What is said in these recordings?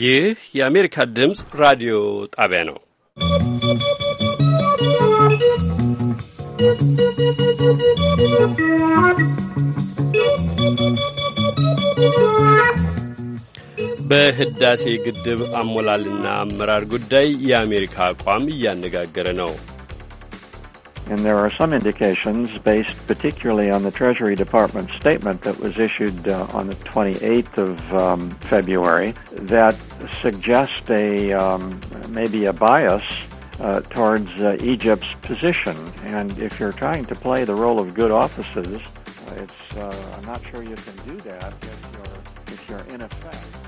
ይህ የአሜሪካ ድምፅ ራዲዮ ጣቢያ ነው። በህዳሴ ግድብ አሞላልና አመራር ጉዳይ የአሜሪካ አቋም እያነጋገረ ነው። And there are some indications, based particularly on the Treasury Department statement that was issued uh, on the 28th of um, February, that suggest a um, maybe a bias uh, towards uh, Egypt's position. And if you're trying to play the role of good offices, it's uh, I'm not sure you can do that if you're if you're in effect.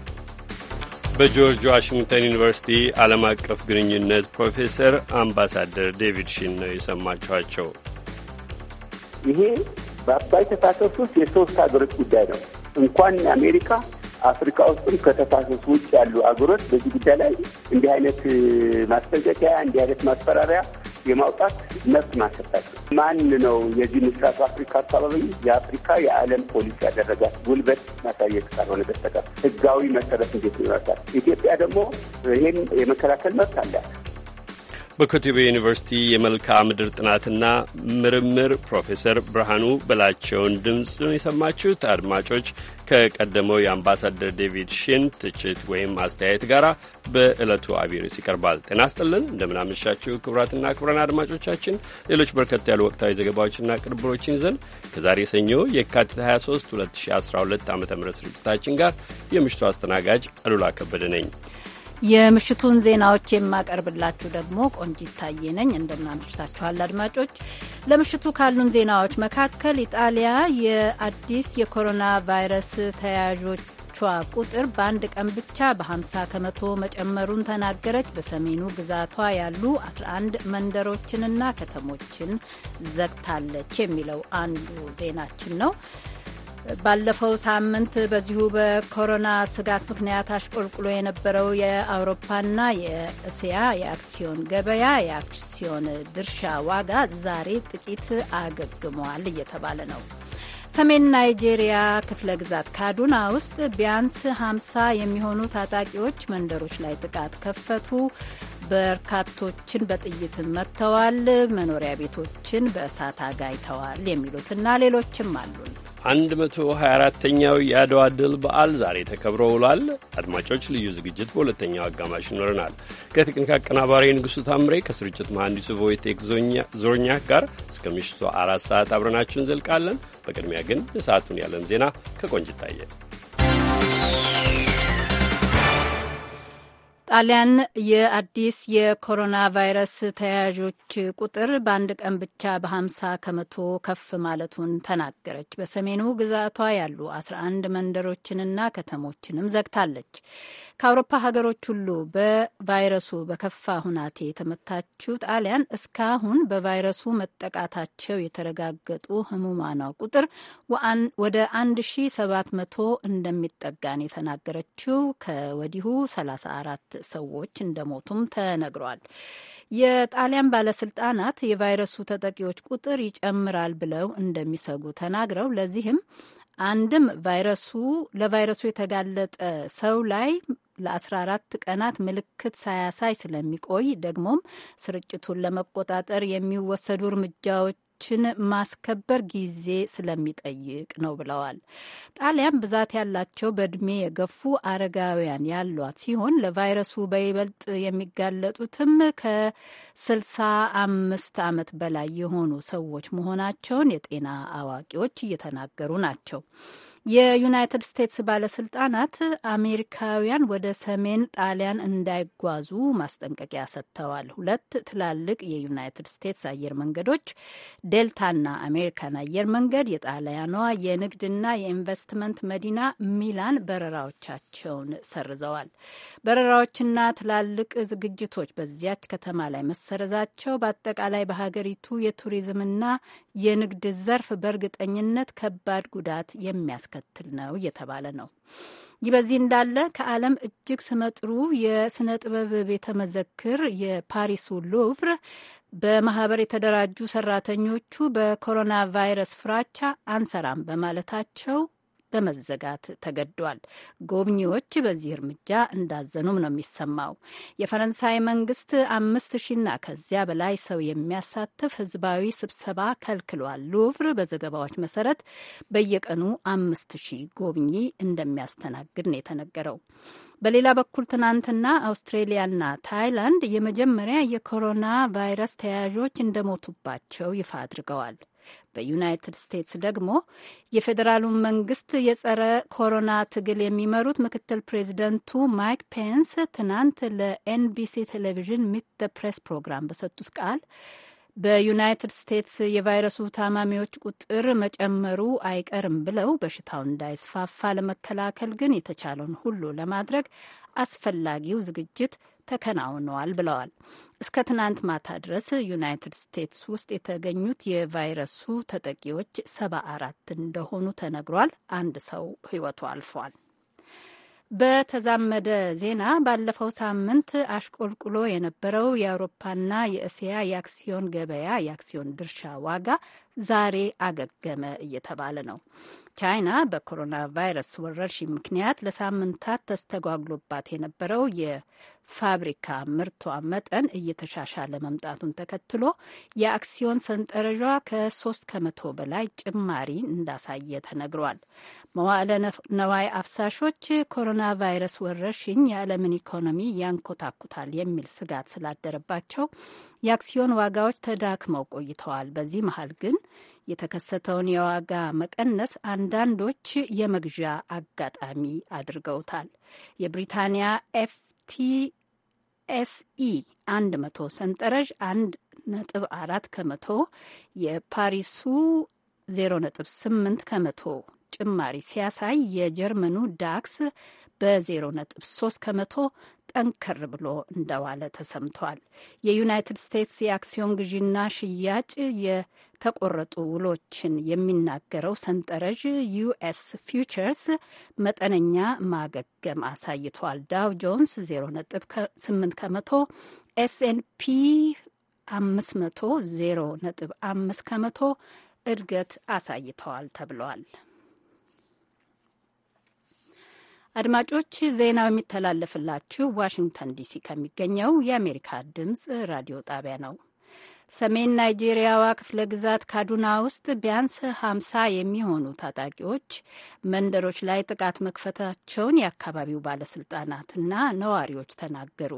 በጆርጅ ዋሽንግተን ዩኒቨርሲቲ ዓለም አቀፍ ግንኙነት ፕሮፌሰር አምባሳደር ዴቪድ ሺን ነው የሰማችኋቸው። ይሄ በአባይ ተፋሰስ ውስጥ የሶስት ሀገሮች ጉዳይ ነው። እንኳን አሜሪካ አፍሪካ ውስጥም ከተፋሰሱ ውጭ ያሉ አገሮች በዚህ ጉዳይ ላይ እንዲህ አይነት ማስጠንቀቂያ፣ እንዲህ አይነት ማስፈራሪያ የማውጣት መብት ማሰጣት ማን ነው? የዚህ ምስራቅ አፍሪካ አካባቢ የአፍሪካ የዓለም ፖሊሲ ያደረጋት ጉልበት ማሳየት ካልሆነ በስተቀር ህጋዊ መሰረት እንዴት ይመርታል? ኢትዮጵያ ደግሞ ይህን የመከላከል መብት አላት። በኮቴቤ ዩኒቨርሲቲ የመልክዓ ምድር ጥናትና ምርምር ፕሮፌሰር ብርሃኑ በላቸውን ድምፅ ነው የሰማችሁት። አድማጮች ከቀደመው የአምባሳደር ዴቪድ ሽን ትችት ወይም አስተያየት ጋር በዕለቱ አቢርስ ይቀርባል። ጤና ስጥልን፣ እንደምናመሻችሁ ክቡራትና ክቡራን አድማጮቻችን ሌሎች በርከት ያሉ ወቅታዊ ዘገባዎችና ቅንብሮችን ይዘን ከዛሬ ሰኞ የካቲት 23 2012 ዓ ም ስርጭታችን ጋር የምሽቱ አስተናጋጅ አሉላ ከበደ ነኝ። የምሽቱን ዜናዎች የማቀርብላችሁ ደግሞ ቆንጂት ታዬ ነኝ። እንደምናመሽታችኋል አድማጮች። ለምሽቱ ካሉን ዜናዎች መካከል ኢጣሊያ የአዲስ የኮሮና ቫይረስ ተያያዦቿ ቁጥር በአንድ ቀን ብቻ በ50 ከመቶ መጨመሩን ተናገረች። በሰሜኑ ግዛቷ ያሉ 11 መንደሮችንና ከተሞችን ዘግታለች የሚለው አንዱ ዜናችን ነው። ባለፈው ሳምንት በዚሁ በኮሮና ስጋት ምክንያት አሽቆልቁሎ የነበረው የአውሮፓና የእስያ የአክሲዮን ገበያ የአክሲዮን ድርሻ ዋጋ ዛሬ ጥቂት አገግሟል እየተባለ ነው። ሰሜን ናይጄሪያ ክፍለ ግዛት ካዱና ውስጥ ቢያንስ 50 የሚሆኑ ታጣቂዎች መንደሮች ላይ ጥቃት ከፈቱ። በርካቶችን በጥይት መጥተዋል። መኖሪያ ቤቶችን በእሳት አጋይተዋል የሚሉትና ሌሎችም አሉን። 124ኛው የአድዋ ድል በዓል ዛሬ ተከብሮ ውሏል። አድማጮች፣ ልዩ ዝግጅት በሁለተኛው አጋማሽ ይኖረናል። ከቴክኒክ አቀናባሪ ንጉሡ ታምሬ ከስርጭት መሐንዲሱ ቮይቴክ ዞርኛክ ጋር እስከ ምሽቱ አራት ሰዓት አብረናችሁን ዘልቃለን። በቅድሚያ ግን የሰዓቱን ያለም ዜና ከቆንጅታየ ጣሊያን የአዲስ የኮሮና ቫይረስ ተያያዦች ቁጥር በአንድ ቀን ብቻ በ ከመቶ ከፍ ማለቱን ተናገረች። በሰሜኑ ግዛቷ ያሉ 11 መንደሮችንና ከተሞችንም ዘግታለች። ከአውሮፓ ሀገሮች ሁሉ በቫይረሱ በከፋ ሁናቴ የተመታችው ጣሊያን እስካሁን በቫይረሱ መጠቃታቸው የተረጋገጡ ህሙማኗ ቁጥር ወደ 1700 እንደሚጠጋን የተናገረችው ከወዲሁ 34 ሰዎች እንደሞቱም ተነግሯል። የጣሊያን ባለስልጣናት የቫይረሱ ተጠቂዎች ቁጥር ይጨምራል ብለው እንደሚሰጉ ተናግረው ለዚህም አንድም ቫይረሱ ለቫይረሱ የተጋለጠ ሰው ላይ ለ14 ቀናት ምልክት ሳያሳይ ስለሚቆይ ደግሞም ስርጭቱን ለመቆጣጠር የሚወሰዱ እርምጃዎች ችን ማስከበር ጊዜ ስለሚጠይቅ ነው ብለዋል። ጣሊያን ብዛት ያላቸው በእድሜ የገፉ አረጋውያን ያሏት ሲሆን ለቫይረሱ በይበልጥ የሚጋለጡትም ከስልሳ አምስት ዓመት በላይ የሆኑ ሰዎች መሆናቸውን የጤና አዋቂዎች እየተናገሩ ናቸው። የዩናይትድ ስቴትስ ባለስልጣናት አሜሪካውያን ወደ ሰሜን ጣሊያን እንዳይጓዙ ማስጠንቀቂያ ሰጥተዋል። ሁለት ትላልቅ የዩናይትድ ስቴትስ አየር መንገዶች ዴልታና አሜሪካን አየር መንገድ የጣሊያኗ የንግድና የኢንቨስትመንት መዲና ሚላን በረራዎቻቸውን ሰርዘዋል። በረራዎችና ትላልቅ ዝግጅቶች በዚያች ከተማ ላይ መሰረዛቸው በአጠቃላይ በሀገሪቱ የቱሪዝምና የንግድ ዘርፍ በእርግጠኝነት ከባድ ጉዳት የሚያስ የሚያስከትል ነው እየተባለ ነው። ይህ በዚህ እንዳለ ከዓለም እጅግ ስመጥሩ የስነ ጥበብ ቤተ መዘክር የፓሪሱ ሉቭር በማህበር የተደራጁ ሰራተኞቹ በኮሮና ቫይረስ ፍራቻ አንሰራም በማለታቸው በመዘጋት ተገዷል። ጎብኚዎች በዚህ እርምጃ እንዳዘኑም ነው የሚሰማው። የፈረንሳይ መንግስት አምስት ሺና ከዚያ በላይ ሰው የሚያሳትፍ ህዝባዊ ስብሰባ ከልክሏል። ሉቭር በዘገባዎች መሰረት በየቀኑ አምስት ሺህ ጎብኚ እንደሚያስተናግድ ነው የተነገረው። በሌላ በኩል ትናንትና አውስትሬሊያና ታይላንድ የመጀመሪያ የኮሮና ቫይረስ ተያያዦች እንደሞቱባቸው ይፋ አድርገዋል። በዩናይትድ ስቴትስ ደግሞ የፌዴራሉን መንግስት የጸረ ኮሮና ትግል የሚመሩት ምክትል ፕሬዚደንቱ ማይክ ፔንስ ትናንት ለኤንቢሲ ቴሌቪዥን ሚት ፕሬስ ፕሮግራም በሰጡት ቃል በዩናይትድ ስቴትስ የቫይረሱ ታማሚዎች ቁጥር መጨመሩ አይቀርም ብለው በሽታው እንዳይስፋፋ ለመከላከል ግን የተቻለውን ሁሉ ለማድረግ አስፈላጊው ዝግጅት ተከናውነዋል ብለዋል። እስከ ትናንት ማታ ድረስ ዩናይትድ ስቴትስ ውስጥ የተገኙት የቫይረሱ ተጠቂዎች ሰባ አራት እንደሆኑ ተነግሯል። አንድ ሰው ሕይወቱ አልፏል። በተዛመደ ዜና ባለፈው ሳምንት አሽቆልቁሎ የነበረው የአውሮፓና የእስያ የአክሲዮን ገበያ የአክሲዮን ድርሻ ዋጋ ዛሬ አገገመ እየተባለ ነው። ቻይና በኮሮና ቫይረስ ወረርሽኝ ምክንያት ለሳምንታት ተስተጓጉሎባት የነበረው ፋብሪካ ምርቷ መጠን እየተሻሻለ መምጣቱን ተከትሎ የአክሲዮን ሰንጠረዥ ከሶስት ከመቶ በላይ ጭማሪ እንዳሳየ ተነግሯል። መዋዕለ ነዋይ አፍሳሾች ኮሮና ቫይረስ ወረርሽኝ የዓለምን ኢኮኖሚ ያንኮታኩታል የሚል ስጋት ስላደረባቸው የአክሲዮን ዋጋዎች ተዳክመው ቆይተዋል። በዚህ መሀል ግን የተከሰተውን የዋጋ መቀነስ አንዳንዶች የመግዣ አጋጣሚ አድርገውታል። የብሪታንያ ኤፍ ቲኤስኢ 100 ሰንጠረዥ 1 ነጥብ 4 ከመቶ የፓሪሱ 0.8 ከመቶ ጭማሪ ሲያሳይ የጀርመኑ ዳክስ በ0.3 ከመቶ ጠንከር ብሎ እንደዋለ ተሰምቷል። የዩናይትድ ስቴትስ የአክሲዮን ግዢና ሽያጭ የተቆረጡ ውሎችን የሚናገረው ሰንጠረዥ ዩኤስ ፊውቸርስ መጠነኛ ማገገም አሳይቷል። ዳው ጆንስ 0.8 ከመቶ፣ ኤስኤንፒ 500 0.5 ከመቶ እድገት አሳይተዋል ተብሏል። አድማጮች ዜናው የሚተላለፍላችሁ ዋሽንግተን ዲሲ ከሚገኘው የአሜሪካ ድምፅ ራዲዮ ጣቢያ ነው። ሰሜን ናይጄሪያዋ ክፍለ ግዛት ካዱና ውስጥ ቢያንስ ሀምሳ የሚሆኑ ታጣቂዎች መንደሮች ላይ ጥቃት መክፈታቸውን የአካባቢው ባለስልጣናትና ነዋሪዎች ተናገሩ።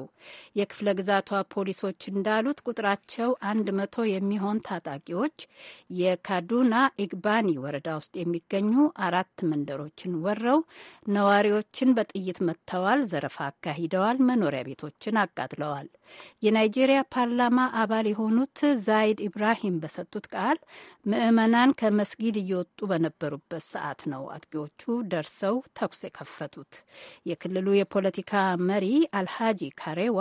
የክፍለ ግዛቷ ፖሊሶች እንዳሉት ቁጥራቸው አንድ መቶ የሚሆን ታጣቂዎች የካዱና ኢግባኒ ወረዳ ውስጥ የሚገኙ አራት መንደሮችን ወረው ነዋሪዎችን በጥይት መጥተዋል፣ ዘረፋ አካሂደዋል፣ መኖሪያ ቤቶችን አቃጥለዋል። የናይጄሪያ ፓርላማ አባል የሆኑት ዛይድ ኢብራሂም በሰጡት ቃል ምዕመናን ከመስጊድ እየወጡ በነበሩበት ሰዓት ነው አጥቂዎቹ ደርሰው ተኩስ የከፈቱት። የክልሉ የፖለቲካ መሪ አልሃጂ ካሬዋ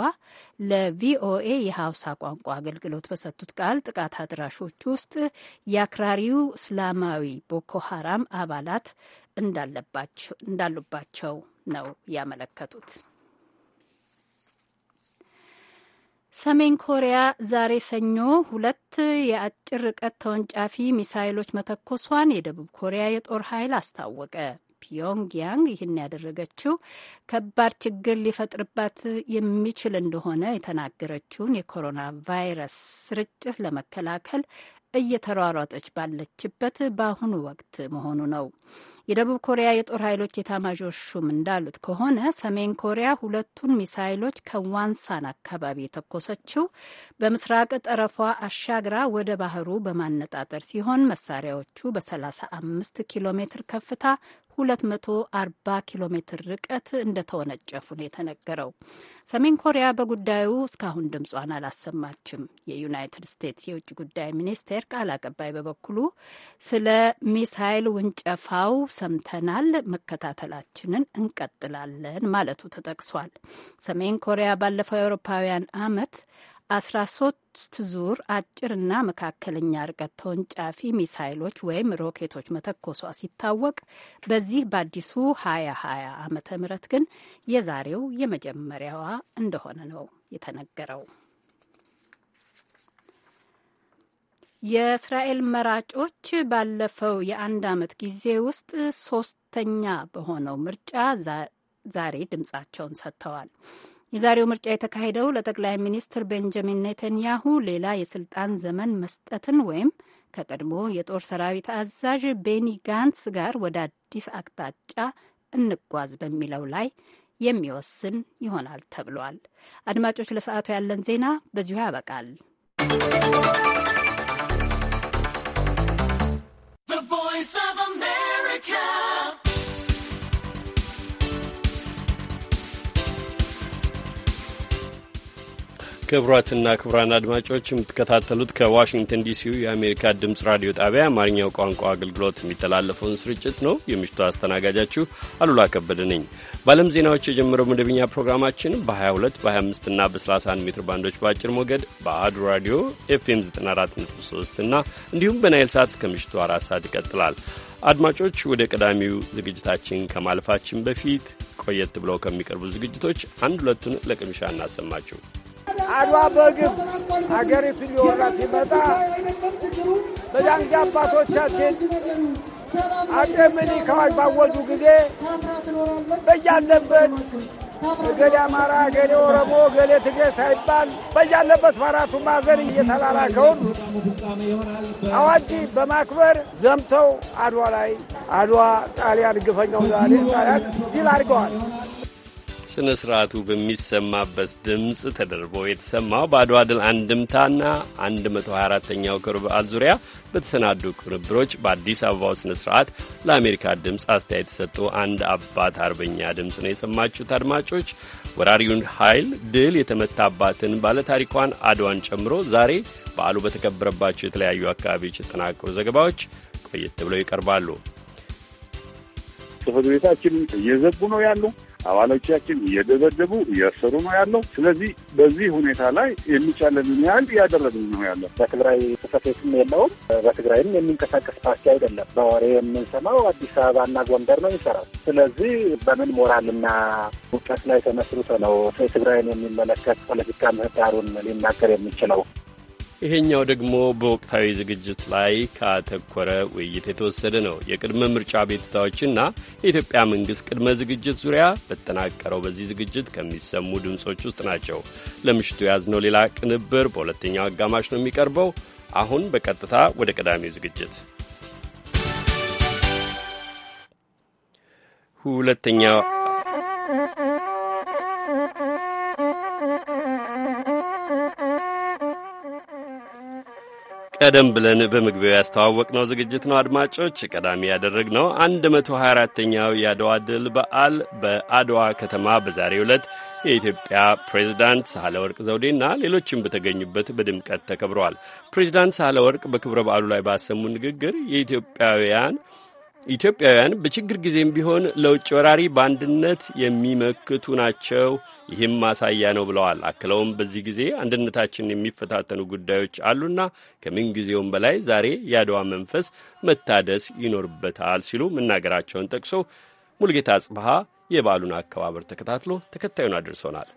ለቪኦኤ የሐውሳ ቋንቋ አገልግሎት በሰጡት ቃል ጥቃት አድራሾች ውስጥ የአክራሪው እስላማዊ ቦኮ ሀራም አባላት እንዳሉባቸው ነው ያመለከቱት። ሰሜን ኮሪያ ዛሬ ሰኞ ሁለት የአጭር ርቀት ተወንጫፊ ሚሳይሎች መተኮሷን የደቡብ ኮሪያ የጦር ኃይል አስታወቀ። ፒዮንግያንግ ይህን ያደረገችው ከባድ ችግር ሊፈጥርባት የሚችል እንደሆነ የተናገረችውን የኮሮና ቫይረስ ስርጭት ለመከላከል እየተሯሯጠች ባለችበት በአሁኑ ወቅት መሆኑ ነው። የደቡብ ኮሪያ የጦር ኃይሎች ኤታማዦር ሹም እንዳሉት ከሆነ ሰሜን ኮሪያ ሁለቱን ሚሳይሎች ከዋንሳን አካባቢ የተኮሰችው በምስራቅ ጠረፏ አሻግራ ወደ ባህሩ በማነጣጠር ሲሆን መሳሪያዎቹ በ35 ኪሎ ሜትር ከፍታ 240 ኪሎ ሜትር ርቀት እንደተወነጨፉ ነው የተነገረው። ሰሜን ኮሪያ በጉዳዩ እስካሁን ድምጿን አላሰማችም። የዩናይትድ ስቴትስ የውጭ ጉዳይ ሚኒስቴር ቃል አቀባይ በበኩሉ ስለ ሚሳይል ውንጨፋው ሰምተናል፣ መከታተላችንን እንቀጥላለን ማለቱ ተጠቅሷል። ሰሜን ኮሪያ ባለፈው የአውሮፓውያን አመት 13 ዙር አጭርና መካከለኛ ርቀት ተወንጫፊ ሚሳይሎች ወይም ሮኬቶች መተኮሷ ሲታወቅ በዚህ በአዲሱ 2020 ዓመተ ምህረት ግን የዛሬው የመጀመሪያዋ እንደሆነ ነው የተነገረው። የእስራኤል መራጮች ባለፈው የአንድ ዓመት ጊዜ ውስጥ ሶስተኛ በሆነው ምርጫ ዛሬ ድምጻቸውን ሰጥተዋል። የዛሬው ምርጫ የተካሄደው ለጠቅላይ ሚኒስትር ቤንጃሚን ኔተንያሁ ሌላ የስልጣን ዘመን መስጠትን ወይም ከቀድሞ የጦር ሰራዊት አዛዥ ቤኒ ጋንስ ጋር ወደ አዲስ አቅጣጫ እንጓዝ በሚለው ላይ የሚወስን ይሆናል ተብሏል። አድማጮች፣ ለሰዓቱ ያለን ዜና በዚሁ ያበቃል። ክቡራትና ክቡራን አድማጮች የምትከታተሉት ከዋሽንግተን ዲሲው የአሜሪካ ድምፅ ራዲዮ ጣቢያ አማርኛው ቋንቋ አገልግሎት የሚተላለፈውን ስርጭት ነው። የምሽቱ አስተናጋጃችሁ አሉላ ከበደ ነኝ። በዓለም ዜናዎች የጀመረው መደበኛ ፕሮግራማችን በ22 በ25 እና በ31 ሜትር ባንዶች በአጭር ሞገድ በአህዱ ራዲዮ ኤፍኤም 943 እና እንዲሁም በናይል ሰዓት እስከ ምሽቱ አራት ሰዓት ይቀጥላል። አድማጮች ወደ ቀዳሚው ዝግጅታችን ከማለፋችን በፊት ቆየት ብለው ከሚቀርቡ ዝግጅቶች አንድ ሁለቱን ለቅምሻ እናሰማችሁ። አድዋ በግብ አገሪቱ ሊወራ ሲመጣ በዛን ጊዜ አባቶቻችን አጤ ምኒልክ አዋጅ ባወጁ ጊዜ በያለበት እገሌ አማራ፣ እገሌ ኦሮሞ፣ እገሌ ትግሬ ሳይባል በያለበት በአራቱ ማዕዘን እየተላላከውን አዋጅ በማክበር ዘምተው አድዋ ላይ አድዋ ጣሊያን ግፈኛው ጣሊያን ድል አድርገዋል። ሥነ ሥርዓቱ በሚሰማበት ድምፅ ተደርቦ የተሰማው በአድዋ ድል አንድምታና 124ኛው ክብረ በዓል ዙሪያ በተሰናዱ ቅንብሮች በአዲስ አበባው ሥነ ሥርዓት ለአሜሪካ ድምፅ አስተያየት የሰጡ አንድ አባት አርበኛ ድምፅ ነው የሰማችሁት። አድማጮች ወራሪውን ኃይል ድል የተመታባትን ባለታሪኳን አድዋን ጨምሮ ዛሬ በዓሉ በተከበረባቸው የተለያዩ አካባቢዎች የተጠናቀሩ ዘገባዎች ቆየት ብለው ይቀርባሉ። ጽሕፈት ቤታችን እየዘጉ ነው ያሉ አባሎቻችን እየደበደቡ እያሰሩ ነው ያለው። ስለዚህ በዚህ ሁኔታ ላይ የሚቻለንን ያህል እያደረግን ነው ያለው። በትግራይ ጽሕፈት ቤትም የለውም። በትግራይም የሚንቀሳቀስ ፓርቲ አይደለም። በወሬ የምንሰማው አዲስ አበባና ጎንደር ነው የሚሰራው። ስለዚህ በምን ሞራልና እውቀት ላይ ተመስርቶ ነው ትግራይን የሚመለከት ፖለቲካ ምህዳሩን ሊናገር የሚችለው? ይሄኛው ደግሞ በወቅታዊ ዝግጅት ላይ ካተኮረ ውይይት የተወሰደ ነው። የቅድመ ምርጫ ቤትታዎችና የኢትዮጵያ መንግሥት ቅድመ ዝግጅት ዙሪያ በተጠናቀረው በዚህ ዝግጅት ከሚሰሙ ድምፆች ውስጥ ናቸው። ለምሽቱ የያዝነው ሌላ ቅንብር በሁለተኛው አጋማሽ ነው የሚቀርበው። አሁን በቀጥታ ወደ ቀዳሚው ዝግጅት ሁለተኛው ቀደም ብለን በመግቢያው ያስተዋወቅነው ዝግጅት ነው። አድማጮች ቀዳሚ ያደረግነው 124ኛው የአድዋ ድል በዓል በአድዋ ከተማ በዛሬው ዕለት የኢትዮጵያ ፕሬዝዳንት ሳህለ ወርቅ ዘውዴና ሌሎችም በተገኙበት በድምቀት ተከብረዋል። ፕሬዝዳንት ሳህለ ወርቅ በክብረ በዓሉ ላይ ባሰሙ ንግግር የኢትዮጵያውያን ኢትዮጵያውያን በችግር ጊዜም ቢሆን ለውጭ ወራሪ በአንድነት የሚመክቱ ናቸው፣ ይህም ማሳያ ነው ብለዋል። አክለውም በዚህ ጊዜ አንድነታችንን የሚፈታተኑ ጉዳዮች አሉና ከምንጊዜውም በላይ ዛሬ የአድዋ መንፈስ መታደስ ይኖርበታል ሲሉ መናገራቸውን ጠቅሶ ሙልጌታ ጽብሃ የበዓሉን አከባበር ተከታትሎ ተከታዩን አድርሶናል።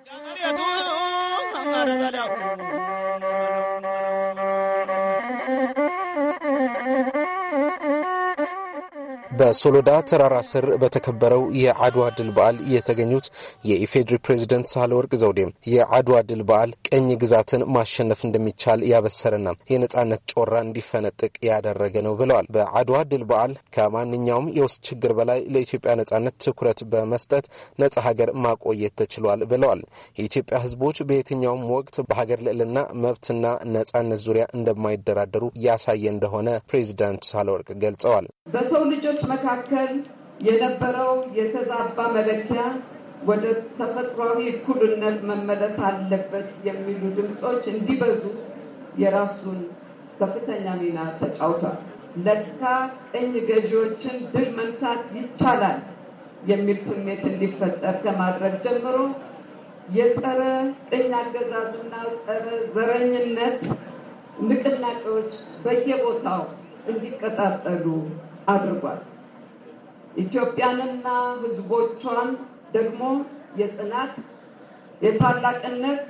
በሶሎዳ ተራራ ስር በተከበረው የአድዋ ድል በዓል የተገኙት የኢፌዴሪ ፕሬዚደንት ሳህለወርቅ ዘውዴም የአድዋ ድል በዓል ቅኝ ግዛትን ማሸነፍ እንደሚቻል ያበሰረና የነጻነት ጮራ እንዲፈነጥቅ ያደረገ ነው ብለዋል። በአድዋ ድል በዓል ከማንኛውም የውስጥ ችግር በላይ ለኢትዮጵያ ነጻነት ትኩረት በመስጠት ነጻ ሀገር ማቆየት ተችሏል ብለዋል። የኢትዮጵያ ሕዝቦች በየትኛውም ወቅት በሀገር ልዕልና መብትና ነጻነት ዙሪያ እንደማይደራደሩ ያሳየ እንደሆነ ፕሬዚዳንቱ ሳህለወርቅ ገልጸዋል። በሰው ልጆች መካከል የነበረው የተዛባ መለኪያ ወደ ተፈጥሯዊ እኩልነት መመለስ አለበት የሚሉ ድምፆች እንዲበዙ የራሱን ከፍተኛ ሚና ተጫውቷል። ለካ ቅኝ ገዢዎችን ድል መንሳት ይቻላል የሚል ስሜት እንዲፈጠር ከማድረግ ጀምሮ የጸረ ቅኝ አገዛዝና ጸረ ዘረኝነት ንቅናቄዎች በየቦታው እንዲቀጣጠሉ አድርጓል። ኢትዮጵያንና ሕዝቦቿን ደግሞ የጽናት የታላቅነት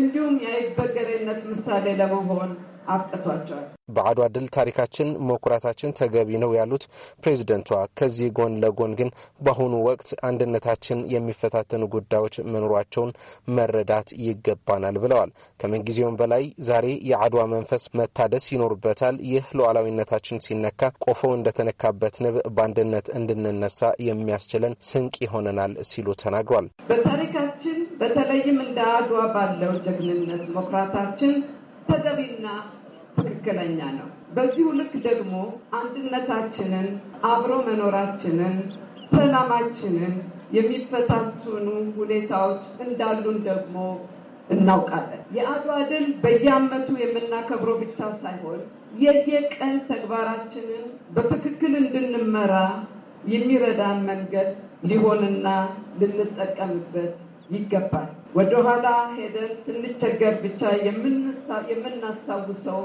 እንዲሁም የአይበገሬነት ምሳሌ ለመሆን አብቅቷቸዋል። በአድዋ ድል ታሪካችን መኩራታችን ተገቢ ነው ያሉት ፕሬዚደንቷ፣ ከዚህ ጎን ለጎን ግን በአሁኑ ወቅት አንድነታችን የሚፈታተኑ ጉዳዮች መኖራቸውን መረዳት ይገባናል ብለዋል። ከምንጊዜውም በላይ ዛሬ የአድዋ መንፈስ መታደስ ይኖርበታል። ይህ ሉዓላዊነታችን ሲነካ ቆፈው እንደተነካበት ንብ በአንድነት እንድንነሳ የሚያስችለን ስንቅ ይሆነናል ሲሉ ተናግሯል። በታሪካችን በተለይም እንደ አድዋ ባለው ጀግንነት መኩራታችን ተገቢና ትክክለኛ ነው። በዚሁ ልክ ደግሞ አንድነታችንን፣ አብሮ መኖራችንን፣ ሰላማችንን የሚፈታቱኑ ሁኔታዎች እንዳሉን ደግሞ እናውቃለን። የአድዋ ድል በየዓመቱ የምናከብረው ብቻ ሳይሆን የየቀን ተግባራችንን በትክክል እንድንመራ የሚረዳን መንገድ ሊሆንና ልንጠቀምበት ይገባል። ወደኋላ ሄደን ስንቸገር ብቻ የምናስታውሰው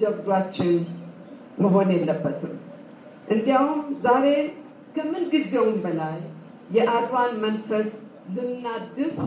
ጀብዷችን መሆን የለበትም። እንዲያውም ዛሬ ከምን ጊዜውም በላይ የአድዋን መንፈስ ልናድስ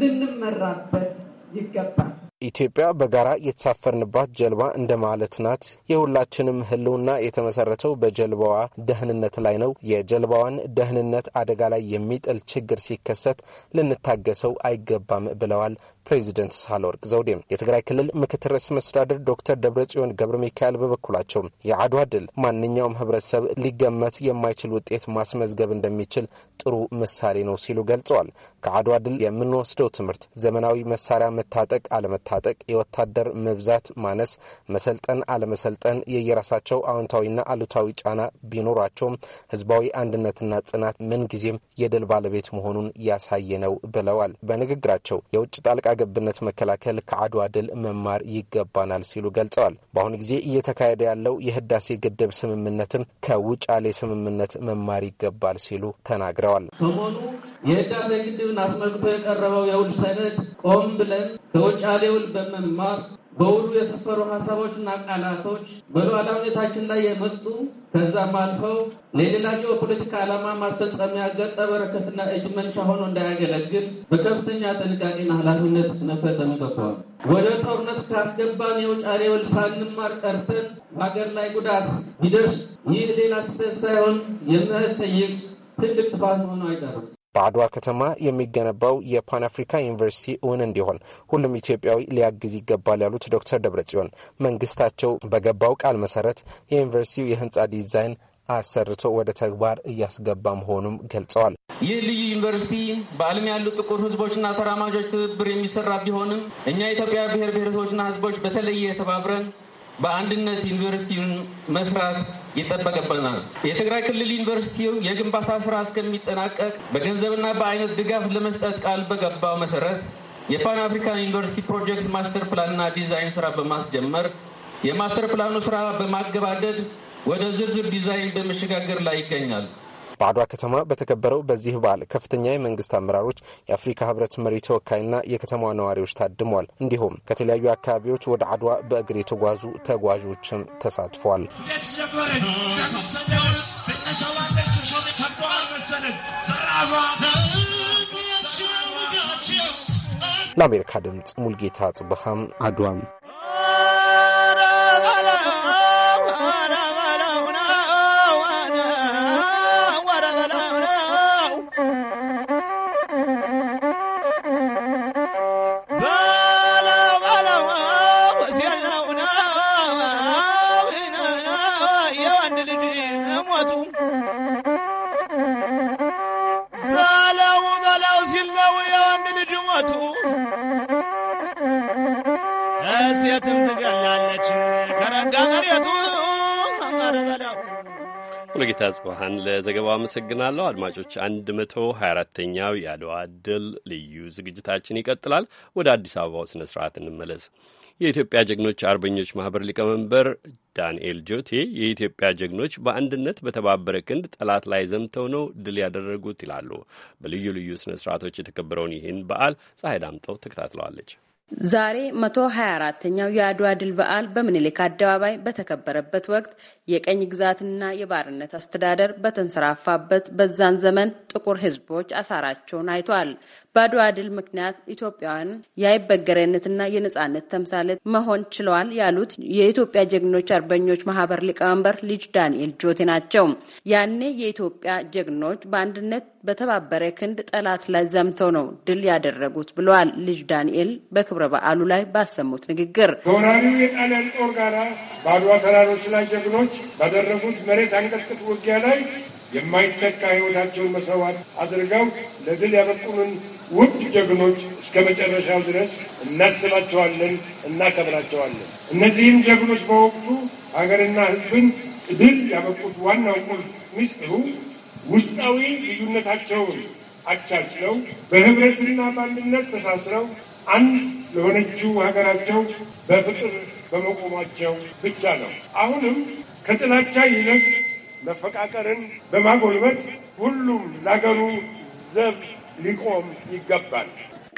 ልንመራበት ይገባል። ኢትዮጵያ በጋራ የተሳፈርንባት ጀልባ እንደማለት ናት። የሁላችንም ሕልውና የተመሰረተው በጀልባዋ ደህንነት ላይ ነው። የጀልባዋን ደህንነት አደጋ ላይ የሚጥል ችግር ሲከሰት ልንታገሰው አይገባም ብለዋል ፕሬዚደንት ሳህለወርቅ ዘውዴ። የትግራይ ክልል ምክትል ርዕሰ መስተዳድር ዶክተር ደብረጽዮን ገብረ ሚካኤል በበኩላቸው የአድዋ ድል ማንኛውም ህብረተሰብ ሊገመት የማይችል ውጤት ማስመዝገብ እንደሚችል ጥሩ ምሳሌ ነው ሲሉ ገልጸዋል። ከአድዋ ድል የምንወስደው ትምህርት ዘመናዊ መሳሪያ መታጠቅ አለመታጠቅ፣ የወታደር መብዛት ማነስ፣ መሰልጠን አለመሰልጠን የየራሳቸው አዎንታዊና አሉታዊ ጫና ቢኖራቸውም ህዝባዊ አንድነትና ጽናት ምንጊዜም የድል ባለቤት መሆኑን ያሳየ ነው ብለዋል። በንግግራቸው የውጭ ጣልቃ ገብነት መከላከል ከአድዋ ድል መማር ይገባናል ሲሉ ገልጸዋል። በአሁኑ ጊዜ እየተካሄደ ያለው የህዳሴ ግድብ ስምምነትም ከውጫሌ ስምምነት መማር ይገባል ሲሉ ተናግረዋል። የህዳሴ ግድብን አስመልክቶ የቀረበው የውል ሰነድ ቆም ብለን ከውጫሌ ውል በመማር በውሉ የሰፈሩ ሀሳቦችና ቃላቶች በሉዓላ ላይ የመጡ ከዛም አልፈው ለሌላቸው የፖለቲካ ዓላማ ማስፈጸሚያ ገጸ በረከትና እጅ መንሻ ሆኖ እንዳያገለግል በከፍተኛ ጥንቃቄና ኃላፊነት መፈጸም ይገባዋል። ወደ ጦርነት ካስገባን የውጫሌ ውል ሳንማር ቀርተን በሀገር ላይ ጉዳት ቢደርስ ይህ ሌላ ስህተት ሳይሆን የሚያስጠይቅ ትልቅ ጥፋት ሆኖ አይቀርም። በአድዋ ከተማ የሚገነባው የፓን አፍሪካ ዩኒቨርሲቲ እውን እንዲሆን ሁሉም ኢትዮጵያዊ ሊያግዝ ይገባል ያሉት ዶክተር ደብረጽዮን መንግስታቸው በገባው ቃል መሰረት የዩኒቨርሲቲው የህንፃ ዲዛይን አሰርቶ ወደ ተግባር እያስገባ መሆኑም ገልጸዋል። ይህ ልዩ ዩኒቨርሲቲ በዓለም ያሉ ጥቁር ህዝቦችና ተራማጆች ትብብር የሚሰራ ቢሆንም እኛ የኢትዮጵያ ብሔር ብሔረሰቦችና ህዝቦች በተለየ ተባብረን በአንድነት ዩኒቨርሲቲውን መስራት ይጠበቅብናል። የትግራይ ክልል ዩኒቨርሲቲው የግንባታ ስራ እስከሚጠናቀቅ በገንዘብና በአይነት ድጋፍ ለመስጠት ቃል በገባው መሰረት የፓን አፍሪካን ዩኒቨርሲቲ ፕሮጀክት ማስተር ፕላንና ዲዛይን ስራ በማስጀመር የማስተር ፕላኑ ስራ በማገባደድ ወደ ዝርዝር ዲዛይን በመሸጋገር ላይ ይገኛል። በአድዋ ከተማ በተከበረው በዚህ በዓል ከፍተኛ የመንግስት አመራሮች፣ የአፍሪካ ህብረት መሪ ተወካይና የከተማዋ ነዋሪዎች ታድመዋል። እንዲሁም ከተለያዩ አካባቢዎች ወደ አድዋ በእግር የተጓዙ ተጓዦችም ተሳትፏል። ለአሜሪካ ድምፅ ሙልጌታ ጽብሃም አድዋም አጽብሃን ለዘገባው አመሰግናለሁ። አድማጮች 124ኛው የአድዋ ድል ልዩ ዝግጅታችን ይቀጥላል። ወደ አዲስ አበባው ስነ ስርዓት እንመለስ። የኢትዮጵያ ጀግኖች አርበኞች ማህበር ሊቀመንበር ዳንኤል ጆቴ የኢትዮጵያ ጀግኖች በአንድነት በተባበረ ክንድ ጠላት ላይ ዘምተው ነው ድል ያደረጉት ይላሉ። በልዩ ልዩ ስነ ስርዓቶች የተከበረውን ይህን በዓል ፀሐይ ዳምጠው ተከታትለዋለች። ዛሬ 124ኛው የአድዋ ድል በዓል በምኒልክ አደባባይ በተከበረበት ወቅት የቀኝ ግዛትና የባርነት አስተዳደር በተንሰራፋበት በዛን ዘመን ጥቁር ሕዝቦች አሳራቸውን አይቷል። በአድዋ ድል ምክንያት ኢትዮጵያውያን የአይበገሬነትና የነጻነት ተምሳሌት መሆን ችለዋል ያሉት የኢትዮጵያ ጀግኖች አርበኞች ማህበር ሊቀመንበር ልጅ ዳንኤል ጆቴ ናቸው። ያኔ የኢትዮጵያ ጀግኖች በአንድነት በተባበረ ክንድ ጠላት ላይ ዘምተው ነው ድል ያደረጉት ብለዋል። ልጅ ዳንኤል በክብረ በዓሉ ላይ ባሰሙት ንግግር ከወራሪው የጣሊያን ጦር ጋር በአድዋ ተራሮች ላይ ጀግኖች ባደረጉት መሬት አንቀጥቅጥ ውጊያ ላይ የማይተካ ሕይወታቸውን መሰዋት አድርገው ለድል ያበቁንን ውድ ጀግኖች እስከ መጨረሻው ድረስ እናስባቸዋለን፣ እናከብራቸዋለን። እነዚህም ጀግኖች በወቅቱ ሀገርና ሕዝብን ድል ያበቁት ዋናው ቁልፍ ሚስጥሩ ውስጣዊ ልዩነታቸውን አቻችለው በህብረትና በአንድነት ተሳስረው አንድ ለሆነችው ሀገራቸው በፍቅር በመቆማቸው ብቻ ነው። አሁንም ከጥላቻ ይልቅ መፈቃቀርን በማጎልበት ሁሉም ለገሩ ዘብ ሊቆም ይገባል።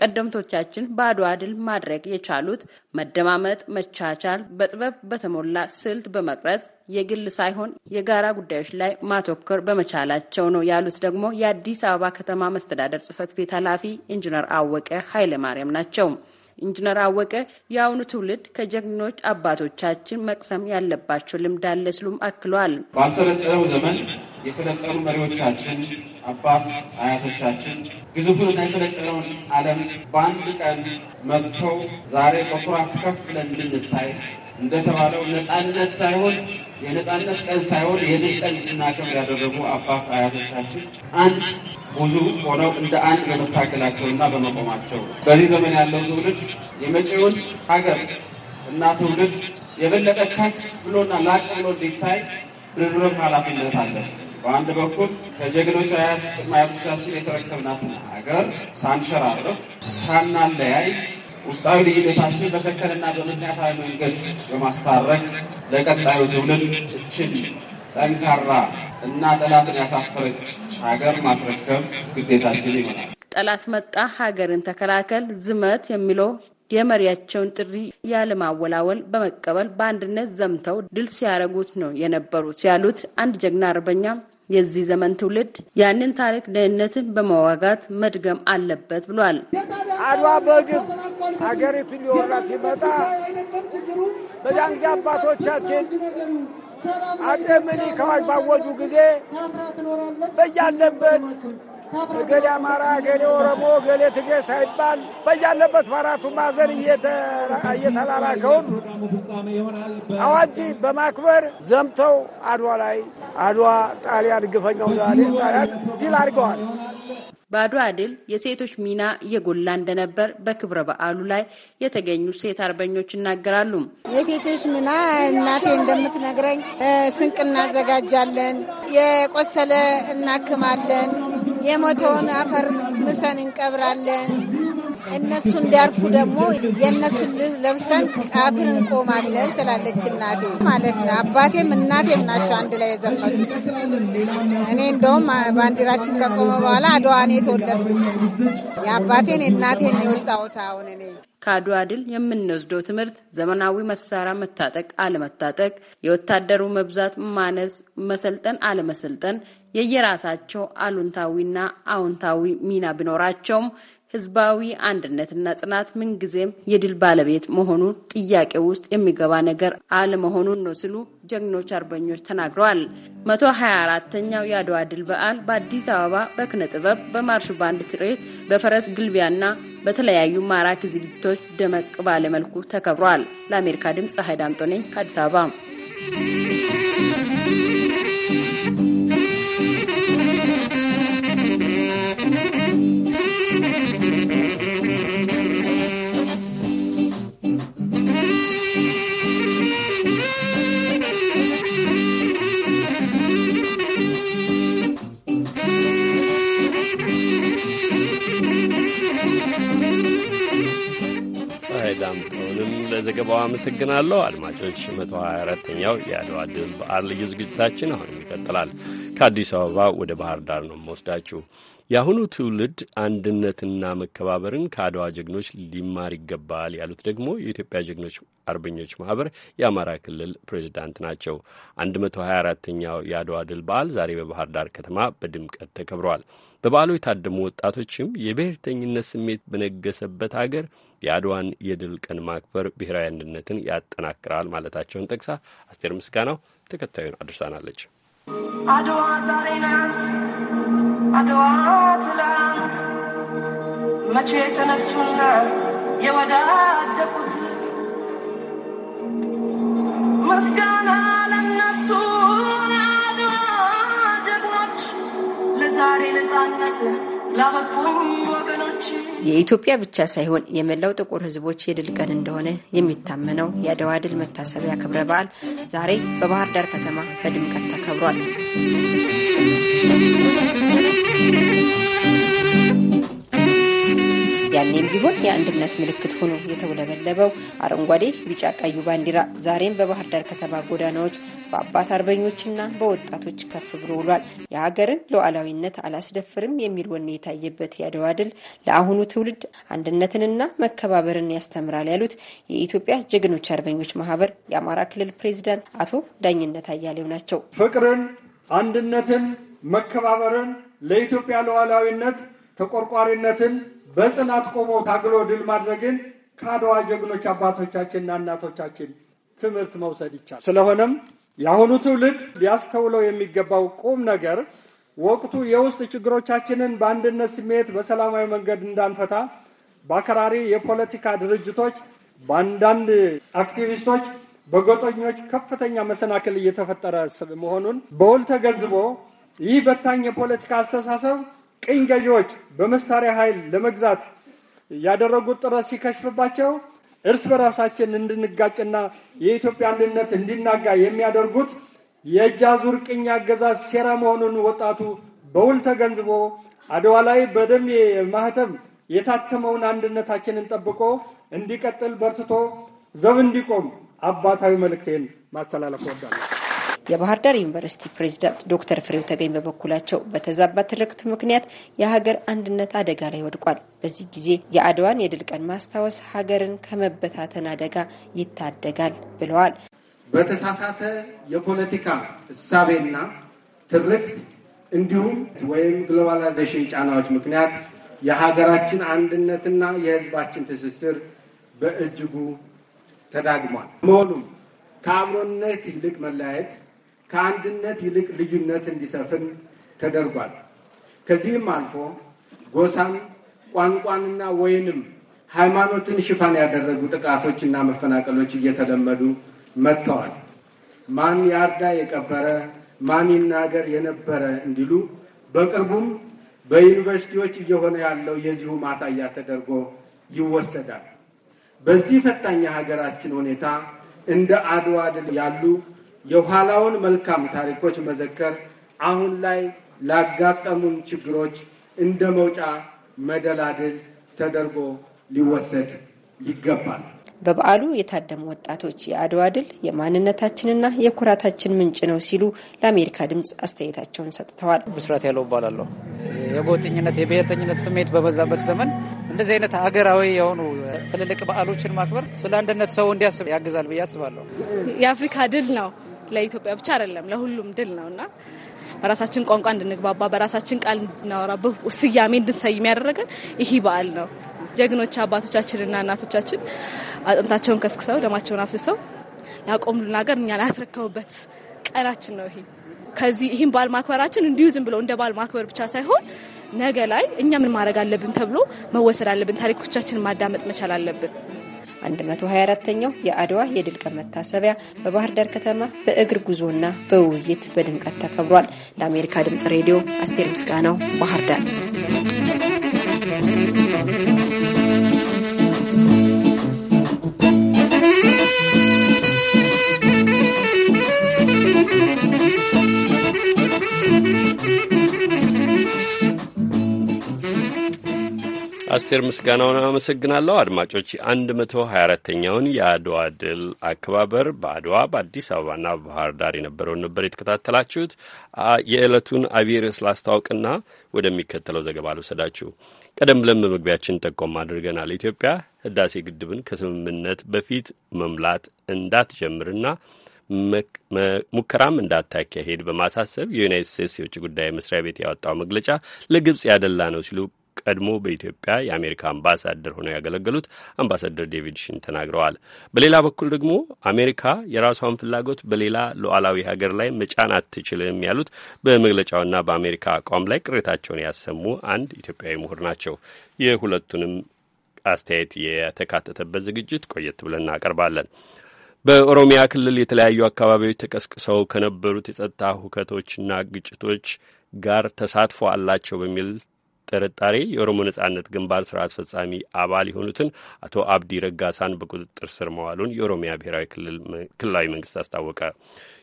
ቀደምቶቻችን በአድዋ ድል ማድረግ የቻሉት መደማመጥ፣ መቻቻል በጥበብ በተሞላ ስልት በመቅረጽ የግል ሳይሆን የጋራ ጉዳዮች ላይ ማተኮር በመቻላቸው ነው ያሉት ደግሞ የአዲስ አበባ ከተማ መስተዳደር ጽፈት ቤት ኃላፊ ኢንጂነር አወቀ ኃይለማርያም ናቸው። ኢንጂነር አወቀ የአሁኑ ትውልድ ከጀግኖች አባቶቻችን መቅሰም ያለባቸው ልምድ አለ ሲሉም አክለዋል። ባልሰለጠነው ዘመን የሰለጠኑ መሪዎቻችን አባት አያቶቻችን ግዙፉንና የሰለጠነውን ዓለም በአንድ ቀን መጥተው ዛሬ በኩራት ከፍ ብለን እንድንታይ እንደተባለው ነፃነት ሳይሆን የነፃነት ቀን ሳይሆን የድል ቀን ያደረጉ አባት አያቶቻችን አንድ ብዙ ሆነው እንደ አንድ በመታገላቸውና በመቆማቸው በዚህ ዘመን ያለው ትውልድ የመጪውን ሀገር እና ትውልድ የበለጠ ከፍ ብሎና ላቅ ብሎ እንዲታይ ድርብ ኃላፊነት አለ። በአንድ በኩል ከጀግኖች አያት ማያቶቻችን የተረከብናትን ሀገር ሳንሸራርፍ ሳናለያይ ውስጣዊ ልዩነታችን በሰከንና በምክንያታዊ መንገድ በማስታረቅ ለቀጣዩ ትውልድ እችን ጠንካራ እና ጠላትን ያሳፈረች ሀገር ማስረከብ ግዴታችን ይሆናል። ጠላት መጣ፣ ሀገርን ተከላከል፣ ዝመት የሚለው የመሪያቸውን ጥሪ ያለማወላወል በመቀበል በአንድነት ዘምተው ድል ሲያደርጉት ነው የነበሩት ያሉት አንድ ጀግና አርበኛ የዚህ ዘመን ትውልድ ያንን ታሪክ ደህንነትን በመዋጋት መድገም አለበት ብሏል። አድዋ በግብ ሀገሪቱን ሊወራ ሲመጣ በዚያን ጊዜ አባቶቻችን አጤ ምኒልክ አዋጅ ባወጁ ጊዜ በያለበት እገሌ አማራ፣ እገሌ ኦሮሞ፣ እገሌ ትግሬ ሳይባል በያለበት በአራቱ ማዕዘን እየተላላከውን ሁሉ አዋጅ በማክበር ዘምተው አድዋ ላይ አድዋ ጣሊያን ግፈኛው ጣሊያን ድል አድርገዋል። በአድዋ ድል የሴቶች ሚና እየጎላ እንደነበር በክብረ በዓሉ ላይ የተገኙ ሴት አርበኞች ይናገራሉ። የሴቶች ሚና እናቴ እንደምትነግረኝ ስንቅ እናዘጋጃለን፣ የቆሰለ እናክማለን፣ የሞተውን አፈር ምሰን እንቀብራለን እነሱ እንዲያርፉ ደግሞ የእነሱን ለብሰን ቃብር እንቆማለን ትላለች እናቴ ማለት ነው። አባቴም እናቴም ናቸው አንድ ላይ የዘመቱት። እኔ እንደውም ባንዲራችን ከቆመ በኋላ አድዋኔ የተወለድኩት የአባቴን የእናቴን የወጣሁት አሁን እኔ ከአድዋ ድል የምንወስደው ትምህርት ዘመናዊ መሳሪያ መታጠቅ አለመታጠቅ፣ የወታደሩ መብዛት ማነስ፣ መሰልጠን አለመሰልጠን የየራሳቸው አሉንታዊና አዎንታዊ ሚና ቢኖራቸውም ህዝባዊ አንድነትና ጽናት ምንጊዜም የድል ባለቤት መሆኑን ጥያቄ ውስጥ የሚገባ ነገር አለመሆኑን ነው ሲሉ ጀግኖች አርበኞች ተናግረዋል። መቶ ሀያ አራተኛው የአድዋ ድል በዓል በአዲስ አበባ በክነ ጥበብ፣ በማርሽ ባንድ ትርኢት፣ በፈረስ ግልቢያና በተለያዩ ማራኪ ዝግጅቶች ደመቅ ባለ መልኩ ተከብሯል። ለአሜሪካ ድምፅ ፀሐይ ዳምጦ ነኝ ከአዲስ አበባ ለዘገባው አመሰግናለሁ። አድማጮች 124ኛው የአድዋ ድል በዓል ልዩ ዝግጅታችን አሁንም ይቀጥላል። ከአዲስ አበባ ወደ ባህር ዳር ነው መወስዳችሁ። የአሁኑ ትውልድ አንድነትና መከባበርን ከአድዋ ጀግኖች ሊማር ይገባል ያሉት ደግሞ የኢትዮጵያ ጀግኖች አርበኞች ማህበር የአማራ ክልል ፕሬዚዳንት ናቸው። 124ኛው የአድዋ ድል በዓል ዛሬ በባህር ዳር ከተማ በድምቀት ተከብሯል። በበዓሉ የታደሙ ወጣቶችም የብሔርተኝነት ስሜት በነገሰበት አገር የአድዋን የድል ቀን ማክበር ብሔራዊ አንድነትን ያጠናክራል ማለታቸውን ጠቅሳ አስቴር ምስጋናው ተከታዩን አድርሳናለች። አድዋ ዛሬ ናት፣ አድዋ ትላንት፣ መቼ የተነሱና የወዳጀቁት ምስጋና ለነሱ ለአድዋ ጀግኖች ለዛሬ ነጻነት የኢትዮጵያ ብቻ ሳይሆን የመላው ጥቁር ሕዝቦች የድል ቀን እንደሆነ የሚታመነው የአድዋ ድል መታሰቢያ ክብረ በዓል ዛሬ በባህር ዳር ከተማ በድምቀት ተከብሯል። ያኔም ቢሆን የአንድነት ምልክት ሆኖ የተውለበለበው አረንጓዴ፣ ቢጫ፣ ቀዩ ባንዲራ ዛሬም በባህር ዳር ከተማ ጎዳናዎች በአባት አርበኞችና በወጣቶች ከፍ ብሎ ውሏል። የሀገርን ሉዓላዊነት አላስደፍርም የሚል ወኔ የታየበት የአድዋ ድል ለአሁኑ ትውልድ አንድነትንና መከባበርን ያስተምራል ያሉት የኢትዮጵያ ጀግኖች አርበኞች ማህበር የአማራ ክልል ፕሬዚዳንት አቶ ዳኝነት አያሌው ናቸው። ፍቅርን፣ አንድነትን፣ መከባበርን ለኢትዮጵያ ሉዓላዊነት ተቆርቋሪነትን በጽናት ቆመው ታግሎ ድል ማድረግን ከአድዋ ጀግኖች አባቶቻችንና እናቶቻችን ትምህርት መውሰድ ይቻላል። ስለሆነም የአሁኑ ትውልድ ሊያስተውለው የሚገባው ቁም ነገር ወቅቱ የውስጥ ችግሮቻችንን በአንድነት ስሜት በሰላማዊ መንገድ እንዳንፈታ በአከራሪ የፖለቲካ ድርጅቶች፣ በአንዳንድ አክቲቪስቶች፣ በጎጠኞች ከፍተኛ መሰናክል እየተፈጠረ መሆኑን በውል ተገንዝቦ ይህ በታኝ የፖለቲካ አስተሳሰብ ቅኝ ገዢዎች በመሳሪያ ኃይል ለመግዛት ያደረጉት ጥረት ሲከሽፍባቸው እርስ በራሳችን እንድንጋጭና የኢትዮጵያ አንድነት እንዲናጋ የሚያደርጉት የእጃዙር ቅኝ አገዛዝ ሴራ መሆኑን ወጣቱ በውል ተገንዝቦ አድዋ ላይ በደም ማህተም የታተመውን አንድነታችንን ጠብቆ እንዲቀጥል በርትቶ ዘብ እንዲቆም አባታዊ መልእክቴን ማስተላለፍ እወዳለሁ። የባህር ዳር ዩኒቨርሲቲ ፕሬዚዳንት ዶክተር ፍሬው ተገኝ በበኩላቸው በተዛባ ትርክት ምክንያት የሀገር አንድነት አደጋ ላይ ወድቋል። በዚህ ጊዜ የአድዋን የድል ቀን ማስታወስ ሀገርን ከመበታተን አደጋ ይታደጋል ብለዋል። በተሳሳተ የፖለቲካ እሳቤና ትርክት እንዲሁም ወይም ግሎባላይዜሽን ጫናዎች ምክንያት የሀገራችን አንድነትና የሕዝባችን ትስስር በእጅጉ ተዳግሟል። መሆኑም ከአብሮነት ይልቅ መለያየት ከአንድነት ይልቅ ልዩነት እንዲሰፍን ተደርጓል። ከዚህም አልፎ ጎሳን፣ ቋንቋንና ወይንም ሃይማኖትን ሽፋን ያደረጉ ጥቃቶችና መፈናቀሎች እየተለመዱ መጥተዋል። ማን ያርዳ የቀበረ ማን ይናገር የነበረ እንዲሉ በቅርቡም በዩኒቨርሲቲዎች እየሆነ ያለው የዚሁ ማሳያ ተደርጎ ይወሰዳል። በዚህ ፈታኝ ሀገራችን ሁኔታ እንደ አድዋ ድል ያሉ የኋላውን መልካም ታሪኮች መዘከር አሁን ላይ ላጋጠሙን ችግሮች እንደ መውጫ መደላድል ተደርጎ ሊወሰድ ይገባል። በበዓሉ የታደሙ ወጣቶች የአድዋ ድል የማንነታችንና የኩራታችን ምንጭ ነው ሲሉ ለአሜሪካ ድምፅ አስተያየታቸውን ሰጥተዋል። ብስራት ያለው እባላለሁ። የጎጠኝነት የብሔርተኝነት ስሜት በበዛበት ዘመን እንደዚህ አይነት ሀገራዊ የሆኑ ትልልቅ በዓሎችን ማክበር ስለ አንድነት ሰው እንዲያስብ ያግዛል ብዬ አስባለሁ። የአፍሪካ ድል ነው ለኢትዮጵያ ብቻ አይደለም ለሁሉም ድል ነው እና በራሳችን ቋንቋ እንድንግባባ በራሳችን ቃል እንድናወራ ስያሜ እንድንሰይም ያደረገን ይህ በዓል ነው። ጀግኖች አባቶቻችንና እናቶቻችን አጥንታቸውን ከስክሰው ደማቸውን አፍስሰው ያቆምሉን ሀገር እኛ ላስረከቡበት ቀናችን ነው ይሄ። ከዚህ ይህም በዓል ማክበራችን እንዲሁ ዝም ብሎ እንደ በዓል ማክበር ብቻ ሳይሆን ነገ ላይ እኛ ምን ማድረግ አለብን ተብሎ መወሰድ አለብን። ታሪኮቻችንን ማዳመጥ መቻል አለብን። 124ኛው የአድዋ የድል ቀን መታሰቢያ በባህር ዳር ከተማ በእግር ጉዞና በውይይት በድምቀት ተከብሯል። ለአሜሪካ ድምጽ ሬዲዮ አስቴር ምስጋናው ባህር ዳር አስቴር ምስጋናውን አመሰግናለሁ። አድማጮች መቶ ሀያ ኛውን የአድዋ ድል አከባበር በአድዋ በአዲስ አበባና በባህር ዳር የነበረውን ነበር የተከታተላችሁት። የዕለቱን አብይ ርዕስ ላስታውቅና ወደሚከተለው ዘገባ ልውሰዳችሁ። ቀደም ብለን በመግቢያችን ጠቆም አድርገናል። ኢትዮጵያ ህዳሴ ግድብን ከስምምነት በፊት መምላት እንዳትጀምርና ሙከራም እንዳታካሄድ በማሳሰብ የዩናይት ስቴትስ የውጭ ጉዳይ መስሪያ ቤት ያወጣው መግለጫ ለግብጽ ያደላ ነው ሲሉ ቀድሞ በኢትዮጵያ የአሜሪካ አምባሳደር ሆነው ያገለገሉት አምባሳደር ዴቪድ ሽን ተናግረዋል። በሌላ በኩል ደግሞ አሜሪካ የራሷን ፍላጎት በሌላ ሉዓላዊ ሀገር ላይ መጫን አትችልም ያሉት በመግለጫውና በአሜሪካ አቋም ላይ ቅሬታቸውን ያሰሙ አንድ ኢትዮጵያዊ ምሁር ናቸው። የሁለቱንም አስተያየት የተካተተበት ዝግጅት ቆየት ብለን እናቀርባለን። በኦሮሚያ ክልል የተለያዩ አካባቢዎች ተቀስቅሰው ከነበሩት የጸጥታ ሁከቶችና ግጭቶች ጋር ተሳትፎ አላቸው በሚል ጥርጣሬ የኦሮሞ ነጻነት ግንባር ስራ አስፈጻሚ አባል የሆኑትን አቶ አብዲ ረጋሳን በቁጥጥር ስር መዋሉን የኦሮሚያ ብሔራዊ ክልላዊ መንግስት አስታወቀ።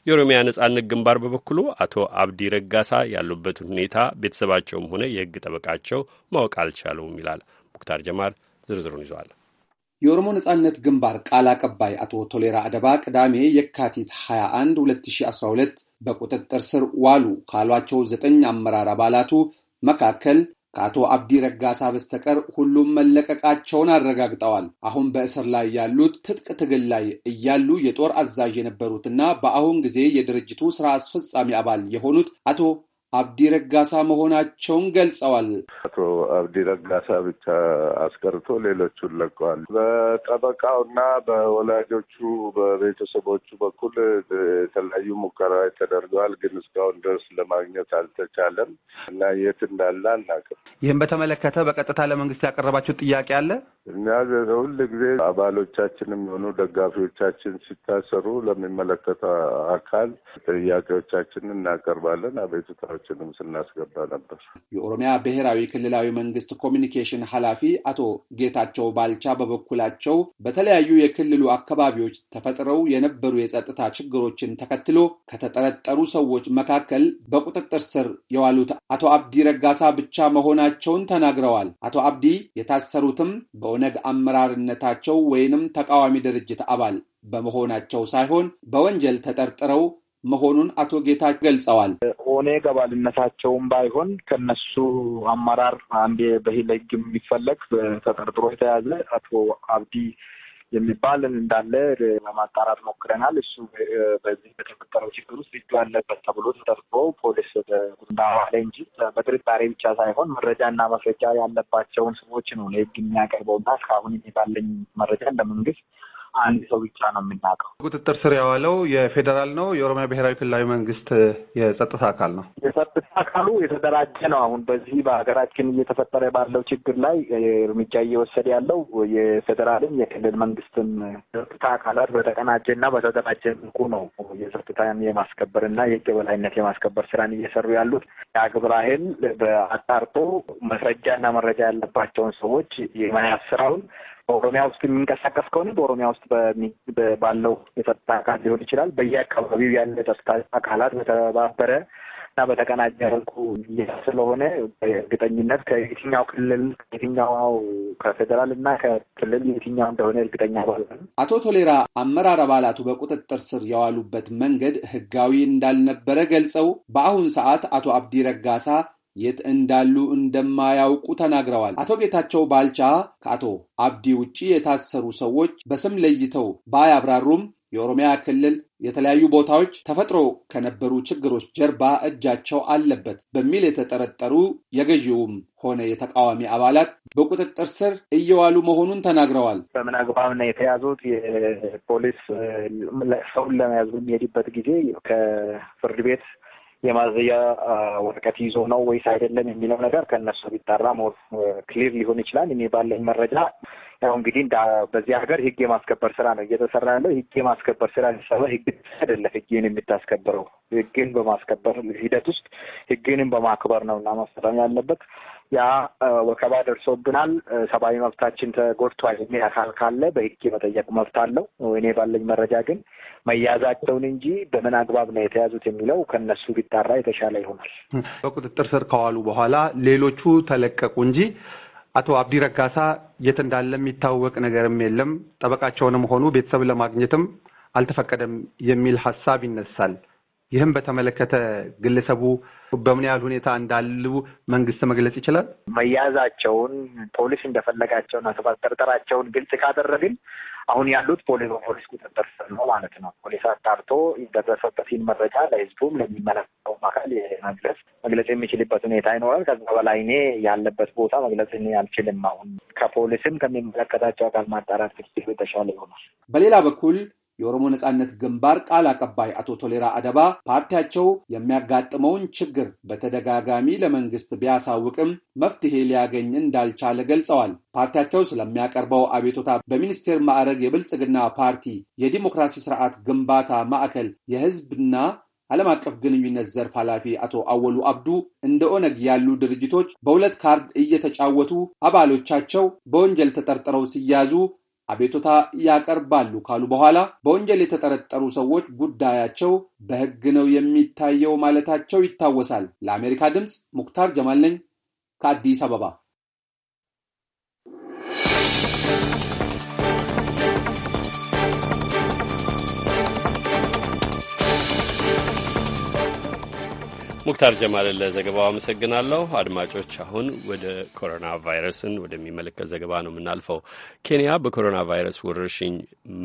የኦሮሚያ ነጻነት ግንባር በበኩሉ አቶ አብዲ ረጋሳ ያሉበትን ሁኔታ ቤተሰባቸውም ሆነ የህግ ጠበቃቸው ማወቅ አልቻለውም ይላል። ሙክታር ጀማር ዝርዝሩን ይዟል። የኦሮሞ ነጻነት ግንባር ቃል አቀባይ አቶ ቶሌራ አደባ ቅዳሜ የካቲት 21 2012 በቁጥጥር ስር ዋሉ ካሏቸው ዘጠኝ አመራር አባላቱ መካከል ከአቶ አብዲ ረጋሳ በስተቀር ሁሉም መለቀቃቸውን አረጋግጠዋል። አሁን በእስር ላይ ያሉት ትጥቅ ትግል ላይ እያሉ የጦር አዛዥ የነበሩትና በአሁን ጊዜ የድርጅቱ ስራ አስፈጻሚ አባል የሆኑት አቶ አብዲ ረጋሳ መሆናቸውን ገልጸዋል። አቶ አብዲ ረጋሳ ብቻ አስቀርቶ ሌሎቹን ለቀዋል። በጠበቃውና በወላጆቹ በቤተሰቦቹ በኩል የተለያዩ ሙከራ ተደርገዋል፣ ግን እስካሁን ድረስ ለማግኘት አልተቻለም እና የት እንዳለ አናውቅም። ይህም በተመለከተ በቀጥታ ለመንግስት ያቀረባቸው ጥያቄ አለ? እኛ ሁል ጊዜ አባሎቻችንም የሆኑ ደጋፊዎቻችን ሲታሰሩ ለሚመለከተው አካል ጥያቄዎቻችን እናቀርባለን አቤቱታ ራሳችንም ስናስገባ ነበር። የኦሮሚያ ብሔራዊ ክልላዊ መንግስት ኮሚኒኬሽን ኃላፊ አቶ ጌታቸው ባልቻ በበኩላቸው በተለያዩ የክልሉ አካባቢዎች ተፈጥረው የነበሩ የጸጥታ ችግሮችን ተከትሎ ከተጠረጠሩ ሰዎች መካከል በቁጥጥር ስር የዋሉት አቶ አብዲ ረጋሳ ብቻ መሆናቸውን ተናግረዋል። አቶ አብዲ የታሰሩትም በኦነግ አመራርነታቸው ወይንም ተቃዋሚ ድርጅት አባል በመሆናቸው ሳይሆን በወንጀል ተጠርጥረው መሆኑን አቶ ጌታ ገልጸዋል። ኦኔ ገባልነታቸውም ባይሆን ከነሱ አመራር አንዴ በህለግ የሚፈለግ ተጠርጥሮ የተያዘ አቶ አብዲ የሚባል እንዳለ ለማጣራት ሞክረናል። እሱ በዚህ በተፈጠረው ችግር ውስጥ እጁ አለበት ተብሎ ተጠርጥሮ ፖሊስ ወደጉንዳዋለ እንጂ በጥርጣሬ ብቻ ሳይሆን መረጃና መስረጃ ያለባቸውን ሰዎች ነው ለህግ የሚያቀርበው እና እስካሁን የሚባለኝ መረጃ እንደ መንግስት አንድ ሰው ብቻ ነው የምናውቀው። ቁጥጥር ስር የዋለው የፌዴራል ነው የኦሮሚያ ብሔራዊ ክልላዊ መንግስት የጸጥታ አካል ነው። የጸጥታ አካሉ የተደራጀ ነው። አሁን በዚህ በሀገራችን እየተፈጠረ ባለው ችግር ላይ እርምጃ እየወሰደ ያለው የፌዴራልም የክልል መንግስትም ጸጥታ አካላት በተቀናጀ እና በተደራጀ መልኩ ነው የጸጥታን የማስከበር እና የህግ የበላይነት የማስከበር ስራን እየሰሩ ያሉት የአግብራሄል በአጣርቶ መስረጃ እና መረጃ ያለባቸውን ሰዎች የመያዝ ስራውን በኦሮሚያ ውስጥ የሚንቀሳቀስ ከሆነ በኦሮሚያ ውስጥ ባለው የጸጥታ አካል ሊሆን ይችላል። በየአካባቢው ያለ የጸጥታ አካላት በተባበረ እና በተቀናጀ መልኩ ስለሆነ እርግጠኝነት ከየትኛው ክልል ከየትኛው ከፌዴራል እና ከክልል የትኛው እንደሆነ እርግጠኛ ባለ አቶ ቶሌራ አመራር አባላቱ በቁጥጥር ስር የዋሉበት መንገድ ህጋዊ እንዳልነበረ ገልጸው በአሁን ሰዓት አቶ አብዲ ረጋሳ የት እንዳሉ እንደማያውቁ ተናግረዋል። አቶ ጌታቸው ባልቻ ከአቶ አብዲ ውጪ የታሰሩ ሰዎች በስም ለይተው ባያብራሩም የኦሮሚያ ክልል የተለያዩ ቦታዎች ተፈጥሮ ከነበሩ ችግሮች ጀርባ እጃቸው አለበት በሚል የተጠረጠሩ የገዢውም ሆነ የተቃዋሚ አባላት በቁጥጥር ስር እየዋሉ መሆኑን ተናግረዋል። በምን አግባብ ነው የተያዙት? የፖሊስ ሰውን ለመያዝ በሚሄድበት ጊዜ ከፍርድ ቤት የማዘያ ወረቀት ይዞ ነው ወይስ አይደለም የሚለው ነገር ከእነሱ ቢጠራ ሞር ክሊር ሊሆን ይችላል። እኔ ባለኝ መረጃ ያው እንግዲህ በዚህ ሀገር ህግ የማስከበር ስራ ነው እየተሰራ ያለው። ህግ የማስከበር ስራ ሊሰራ ህግ አይደለም ህግን የምታስከብረው ህግን በማስከበር ሂደት ውስጥ ህግንም በማክበር ነው እና መሰራት ያለበት። ያ ወከባ ደርሶብናል፣ ሰብአዊ መብታችን ተጎድቷል የሚል አካል ካለ በህግ የመጠየቅ መብት አለው። እኔ ባለኝ መረጃ ግን መያዛቸውን እንጂ በምን አግባብ ነው የተያዙት የሚለው ከነሱ ቢጣራ የተሻለ ይሆናል። በቁጥጥር ስር ከዋሉ በኋላ ሌሎቹ ተለቀቁ እንጂ አቶ አብዲ ረጋሳ የት እንዳለ የሚታወቅ ነገርም የለም፣ ጠበቃቸውንም ሆኑ ቤተሰብ ለማግኘትም አልተፈቀደም የሚል ሀሳብ ይነሳል። ይህም በተመለከተ ግለሰቡ በምን ያህል ሁኔታ እንዳሉ መንግስት መግለጽ ይችላል። መያዛቸውን ፖሊስ እንደፈለጋቸውና ጠርጠራቸውን ግልጽ ካደረግን አሁን ያሉት ፖሊስ በፖሊስ ቁጥጥር ስር ነው ማለት ነው። ፖሊስ አጣርቶ የደረሰበትን መረጃ ለህዝቡም ለሚመለከተውም አካል መግለጽ መግለጽ የሚችልበት ሁኔታ ይኖራል። ከዛ በላይ እኔ ያለበት ቦታ መግለጽ አልችልም። አሁን ከፖሊስም ከሚመለከታቸው አካል ማጣራት የተሻለ ይሆናል። በሌላ በኩል የኦሮሞ ነጻነት ግንባር ቃል አቀባይ አቶ ቶሌራ አደባ ፓርቲያቸው የሚያጋጥመውን ችግር በተደጋጋሚ ለመንግስት ቢያሳውቅም መፍትሄ ሊያገኝ እንዳልቻለ ገልጸዋል። ፓርቲያቸው ስለሚያቀርበው አቤቶታ በሚኒስቴር ማዕረግ የብልጽግና ፓርቲ የዲሞክራሲ ስርዓት ግንባታ ማዕከል የህዝብና ዓለም አቀፍ ግንኙነት ዘርፍ ኃላፊ አቶ አወሉ አብዱ እንደ ኦነግ ያሉ ድርጅቶች በሁለት ካርድ እየተጫወቱ አባሎቻቸው በወንጀል ተጠርጥረው ሲያዙ አቤቱታ ያቀርባሉ ካሉ በኋላ በወንጀል የተጠረጠሩ ሰዎች ጉዳያቸው በሕግ ነው የሚታየው ማለታቸው ይታወሳል። ለአሜሪካ ድምፅ ሙክታር ጀማል ነኝ ከአዲስ አበባ። ሙክታር ጀማልን ለዘገባው አመሰግናለሁ። አድማጮች፣ አሁን ወደ ኮሮና ቫይረስን ወደሚመለከት ዘገባ ነው የምናልፈው። ኬንያ በኮሮና ቫይረስ ወረርሽኝ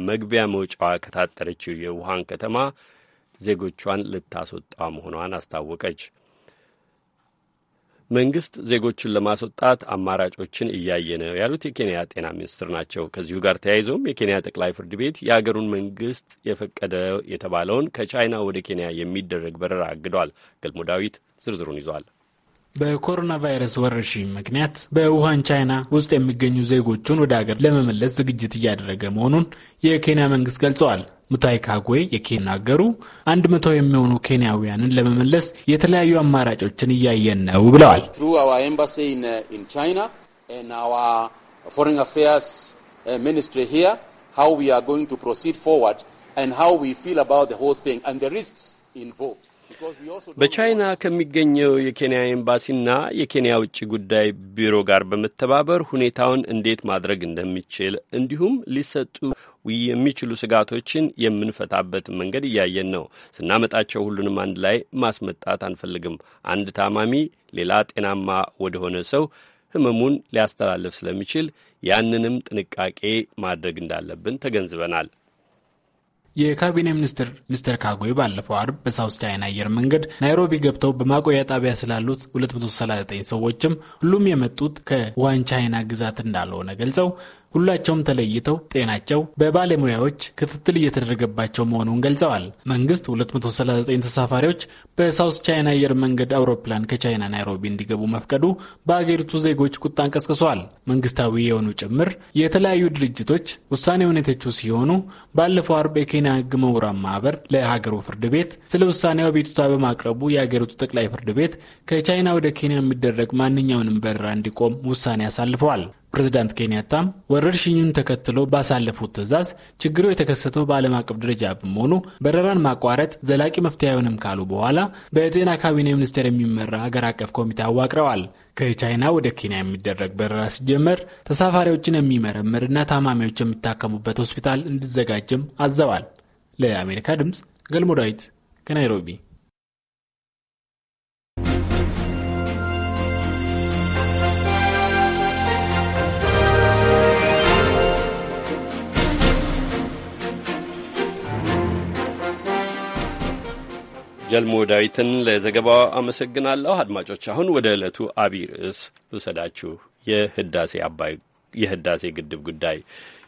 መግቢያ መውጫዋ ከታጠረችው የውሃን ከተማ ዜጎቿን ልታስወጣ መሆኗን አስታወቀች። መንግስት ዜጎችን ለማስወጣት አማራጮችን እያየ ነው ያሉት የኬንያ ጤና ሚኒስትር ናቸው። ከዚሁ ጋር ተያይዘውም የኬንያ ጠቅላይ ፍርድ ቤት የአገሩን መንግስት የፈቀደ የተባለውን ከቻይና ወደ ኬንያ የሚደረግ በረራ አግዷል። ገልሞ ዳዊት ዝርዝሩን ይዟል። በኮሮና ቫይረስ ወረርሽኝ ምክንያት በውሃን ቻይና ውስጥ የሚገኙ ዜጎቹን ወደ አገር ለመመለስ ዝግጅት እያደረገ መሆኑን የኬንያ መንግስት ገልጸዋል። ሙታይ ካጎይ የኬንያ አንድ መቶ የሚሆኑ ኬንያውያንን ለመመለስ የተለያዩ አማራጮችን እያየን ነው ብለዋል። uh, uh, በቻይና ከሚገኘው የኬንያ ኤምባሲና የኬንያ ውጭ ጉዳይ ቢሮ ጋር በመተባበር ሁኔታውን እንዴት ማድረግ እንደሚችል እንዲሁም ሊሰጡ የሚችሉ ስጋቶችን የምንፈታበት መንገድ እያየን ነው። ስናመጣቸው ሁሉንም አንድ ላይ ማስመጣት አንፈልግም። አንድ ታማሚ ሌላ ጤናማ ወደሆነ ሰው ህመሙን ሊያስተላልፍ ስለሚችል ያንንም ጥንቃቄ ማድረግ እንዳለብን ተገንዝበናል። የካቢኔ ሚኒስትር ሚስተር ካጎይ ባለፈው አርብ በሳውስ ቻይና አየር መንገድ ናይሮቢ ገብተው በማቆያ ጣቢያ ስላሉት 239 ሰዎችም ሁሉም የመጡት ከዋን ቻይና ግዛት እንዳልሆነ ገልጸው ሁላቸውም ተለይተው ጤናቸው በባለሙያዎች ክትትል እየተደረገባቸው መሆኑን ገልጸዋል። መንግስት 239 ተሳፋሪዎች በሳውስ ቻይና አየር መንገድ አውሮፕላን ከቻይና ናይሮቢ እንዲገቡ መፍቀዱ በአገሪቱ ዜጎች ቁጣን ቀስቅሷል። መንግስታዊ የሆኑ ጭምር የተለያዩ ድርጅቶች ውሳኔ ሁኔቶቹ ሲሆኑ ባለፈው አርብ የኬንያ ህግ መውራን ማህበር ለሀገሩ ፍርድ ቤት ስለ ውሳኔው አቤቱታ በማቅረቡ የአገሪቱ ጠቅላይ ፍርድ ቤት ከቻይና ወደ ኬንያ የሚደረግ ማንኛውንም በረራ እንዲቆም ውሳኔ አሳልፈዋል። ፕሬዚዳንት ኬንያታ ወረርሽኙን ተከትሎ ባሳለፉት ትዕዛዝ ችግሩ የተከሰተው በዓለም አቀፍ ደረጃ በመሆኑ በረራን ማቋረጥ ዘላቂ መፍትሄ አይሆንም ካሉ በኋላ በጤና ካቢኔ ሚኒስቴር የሚመራ ሀገር አቀፍ ኮሚቴ አዋቅረዋል። ከቻይና ወደ ኬንያ የሚደረግ በረራ ሲጀመር ተሳፋሪዎችን የሚመረምርና ታማሚዎች የሚታከሙበት ሆስፒታል እንዲዘጋጅም አዘዋል። ለአሜሪካ ድምፅ ገልሞ ዳዊት ከናይሮቢ ጀልሞ ዳዊትን ለዘገባው አመሰግናለሁ። አድማጮች አሁን ወደ ዕለቱ አቢይ ርዕስ ልውሰዳችሁ። የህዳሴ አባይ የህዳሴ ግድብ ጉዳይ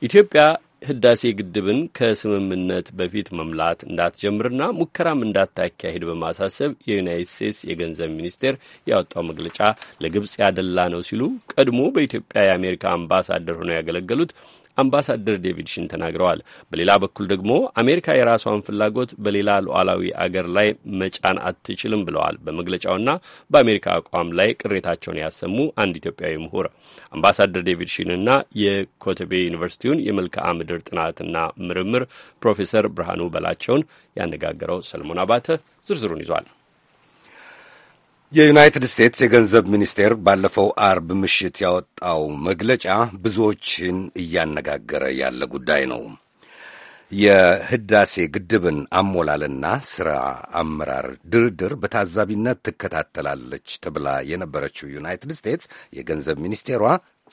ኢትዮጵያ ህዳሴ ግድብን ከስምምነት በፊት መምላት እንዳትጀምርና ሙከራም እንዳታካሄድ በማሳሰብ የዩናይት ስቴትስ የገንዘብ ሚኒስቴር ያወጣው መግለጫ ለግብፅ ያደላ ነው ሲሉ ቀድሞ በኢትዮጵያ የአሜሪካ አምባሳደር ሆነው ያገለገሉት አምባሳደር ዴቪድ ሽን ተናግረዋል። በሌላ በኩል ደግሞ አሜሪካ የራሷን ፍላጎት በሌላ ሉዓላዊ አገር ላይ መጫን አትችልም ብለዋል። በመግለጫውና በአሜሪካ አቋም ላይ ቅሬታቸውን ያሰሙ አንድ ኢትዮጵያዊ ምሁር አምባሳደር ዴቪድ ሽንና የኮተቤ ዩኒቨርሲቲውን የመልክዓ ምድር ጥናትና ምርምር ፕሮፌሰር ብርሃኑ በላቸውን ያነጋገረው ሰለሞን አባተ ዝርዝሩን ይዟል። የዩናይትድ ስቴትስ የገንዘብ ሚኒስቴር ባለፈው አርብ ምሽት ያወጣው መግለጫ ብዙዎችን እያነጋገረ ያለ ጉዳይ ነው። የህዳሴ ግድብን አሞላልና ሥራ አመራር ድርድር በታዛቢነት ትከታተላለች ተብላ የነበረችው ዩናይትድ ስቴትስ የገንዘብ ሚኒስቴሯ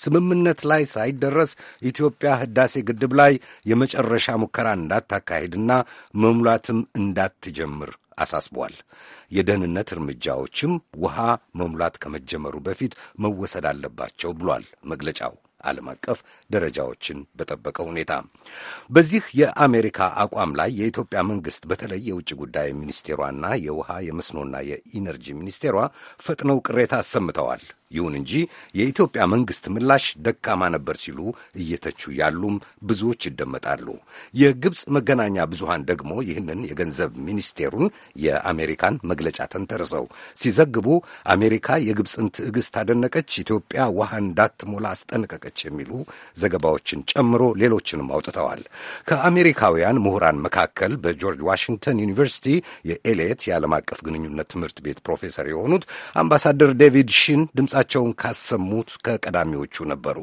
ስምምነት ላይ ሳይደረስ ኢትዮጵያ ህዳሴ ግድብ ላይ የመጨረሻ ሙከራ እንዳታካሄድና መሙላትም እንዳትጀምር አሳስቧል። የደህንነት እርምጃዎችም ውሃ መሙላት ከመጀመሩ በፊት መወሰድ አለባቸው ብሏል መግለጫው ዓለም አቀፍ ደረጃዎችን በጠበቀ ሁኔታ። በዚህ የአሜሪካ አቋም ላይ የኢትዮጵያ መንግስት በተለይ የውጭ ጉዳይ ሚኒስቴሯና የውሃ የመስኖና የኢነርጂ ሚኒስቴሯ ፈጥነው ቅሬታ አሰምተዋል። ይሁን እንጂ የኢትዮጵያ መንግሥት ምላሽ ደካማ ነበር ሲሉ እየተቹ ያሉም ብዙዎች ይደመጣሉ። የግብፅ መገናኛ ብዙሃን ደግሞ ይህንን የገንዘብ ሚኒስቴሩን የአሜሪካን መግለጫ ተንተርሰው ሲዘግቡ አሜሪካ የግብፅን ትዕግሥት አደነቀች፣ ኢትዮጵያ ውሃ እንዳትሞላ አስጠነቀቀች የሚሉ ዘገባዎችን ጨምሮ ሌሎችንም አውጥተዋል። ከአሜሪካውያን ምሁራን መካከል በጆርጅ ዋሽንግተን ዩኒቨርሲቲ የኤሌት የዓለም አቀፍ ግንኙነት ትምህርት ቤት ፕሮፌሰር የሆኑት አምባሳደር ዴቪድ ሺን ድምፅ ድምፃቸውን ካሰሙት ከቀዳሚዎቹ ነበሩ።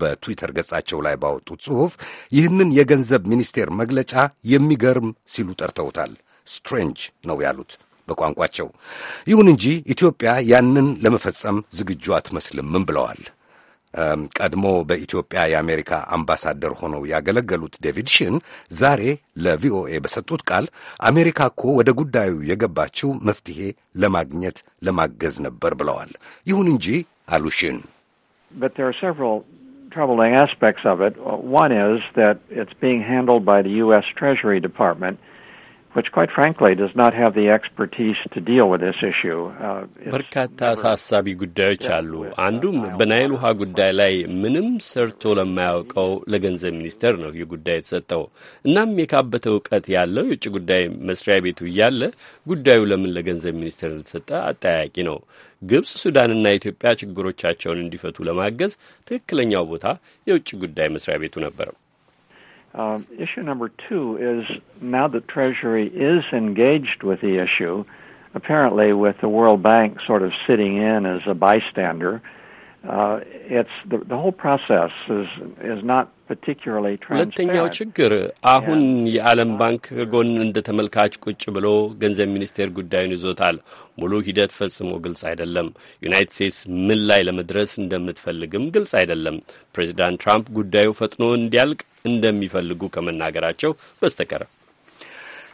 በትዊተር ገጻቸው ላይ ባወጡት ጽሑፍ ይህንን የገንዘብ ሚኒስቴር መግለጫ የሚገርም ሲሉ ጠርተውታል። ስትሬንጅ ነው ያሉት በቋንቋቸው። ይሁን እንጂ ኢትዮጵያ ያንን ለመፈጸም ዝግጁ አትመስልምም ብለዋል። ቀድሞ በኢትዮጵያ የአሜሪካ አምባሳደር ሆነው ያገለገሉት ዴቪድ ሽን ዛሬ ለቪኦኤ በሰጡት ቃል አሜሪካ እኮ ወደ ጉዳዩ የገባችው መፍትሄ ለማግኘት ለማገዝ ነበር ብለዋል። ይሁን እንጂ አሉ ሽን troubling aspects of it. Uh, one is that it's being handled by the U.S. Treasury Department which quite frankly does not have the expertise to deal with this issue. Uh, በርካታ አሳሳቢ ጉዳዮች አሉ። uh, አንዱም በናይል ውሃ ጉዳይ ላይ ምንም ሰርቶ ለማያውቀው ለገንዘብ ሚኒስቴር ነው ይህ ጉዳይ የተሰጠው። እናም የካበተ እውቀት ያለው የውጭ ጉዳይ መስሪያ ቤቱ እያለ ጉዳዩ ለምን ለገንዘብ ሚኒስቴር እንደተሰጠ አጠያያቂ ነው። ግብጽ፣ ሱዳንና ኢትዮጵያ ችግሮቻቸውን እንዲፈቱ ለማገዝ ትክክለኛው ቦታ የውጭ ጉዳይ መስሪያ ቤቱ ነበረው። Um, issue number two is now that Treasury is engaged with the issue, apparently with the World Bank sort of sitting in as a bystander. Uh, it's the, the, whole process is is not particularly transparent. ችግር ሙሉ ሂደት ፈጽሞ ግልጽ አይደለም። ዩናይትድ ስቴትስ ምን ላይ ለመድረስ እንደምትፈልግም ግልጽ አይደለም። ፕሬዚዳንት ትራምፕ ጉዳዩ ፈጥኖ እንዲያልቅ እንደሚፈልጉ ከመናገራቸው በስተቀር።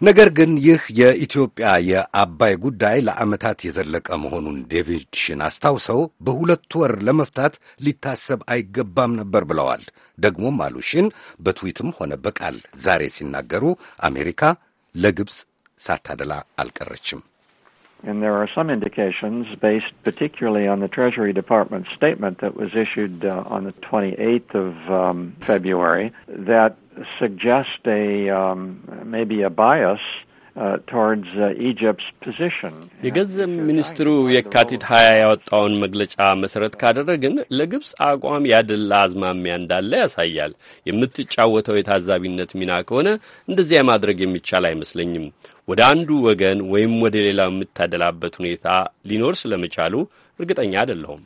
ነገር ግን ይህ የኢትዮጵያ የአባይ ጉዳይ ለዓመታት የዘለቀ መሆኑን ዴቪድሽን አስታውሰው በሁለት ወር ለመፍታት ሊታሰብ አይገባም ነበር ብለዋል። ደግሞም አሉሽን በትዊትም ሆነ በቃል ዛሬ ሲናገሩ አሜሪካ ለግብፅ ሳታደላ አልቀረችም። And there are some indications, based particularly on the Treasury Department statement that was issued uh, on the 28th of um, February, that suggest a um, maybe a bias የገንዘብ ሚኒስትሩ የካቲት ሀያ ያወጣውን መግለጫ መሰረት ካደረግን ለግብፅ አቋም ያደላ አዝማሚያ እንዳለ ያሳያል። የምትጫወተው የታዛቢነት ሚና ከሆነ እንደዚያ ማድረግ የሚቻል አይመስለኝም። ወደ አንዱ ወገን ወይም ወደ ሌላው የምታደላበት ሁኔታ ሊኖር ስለመቻሉ እርግጠኛ አይደለሁም።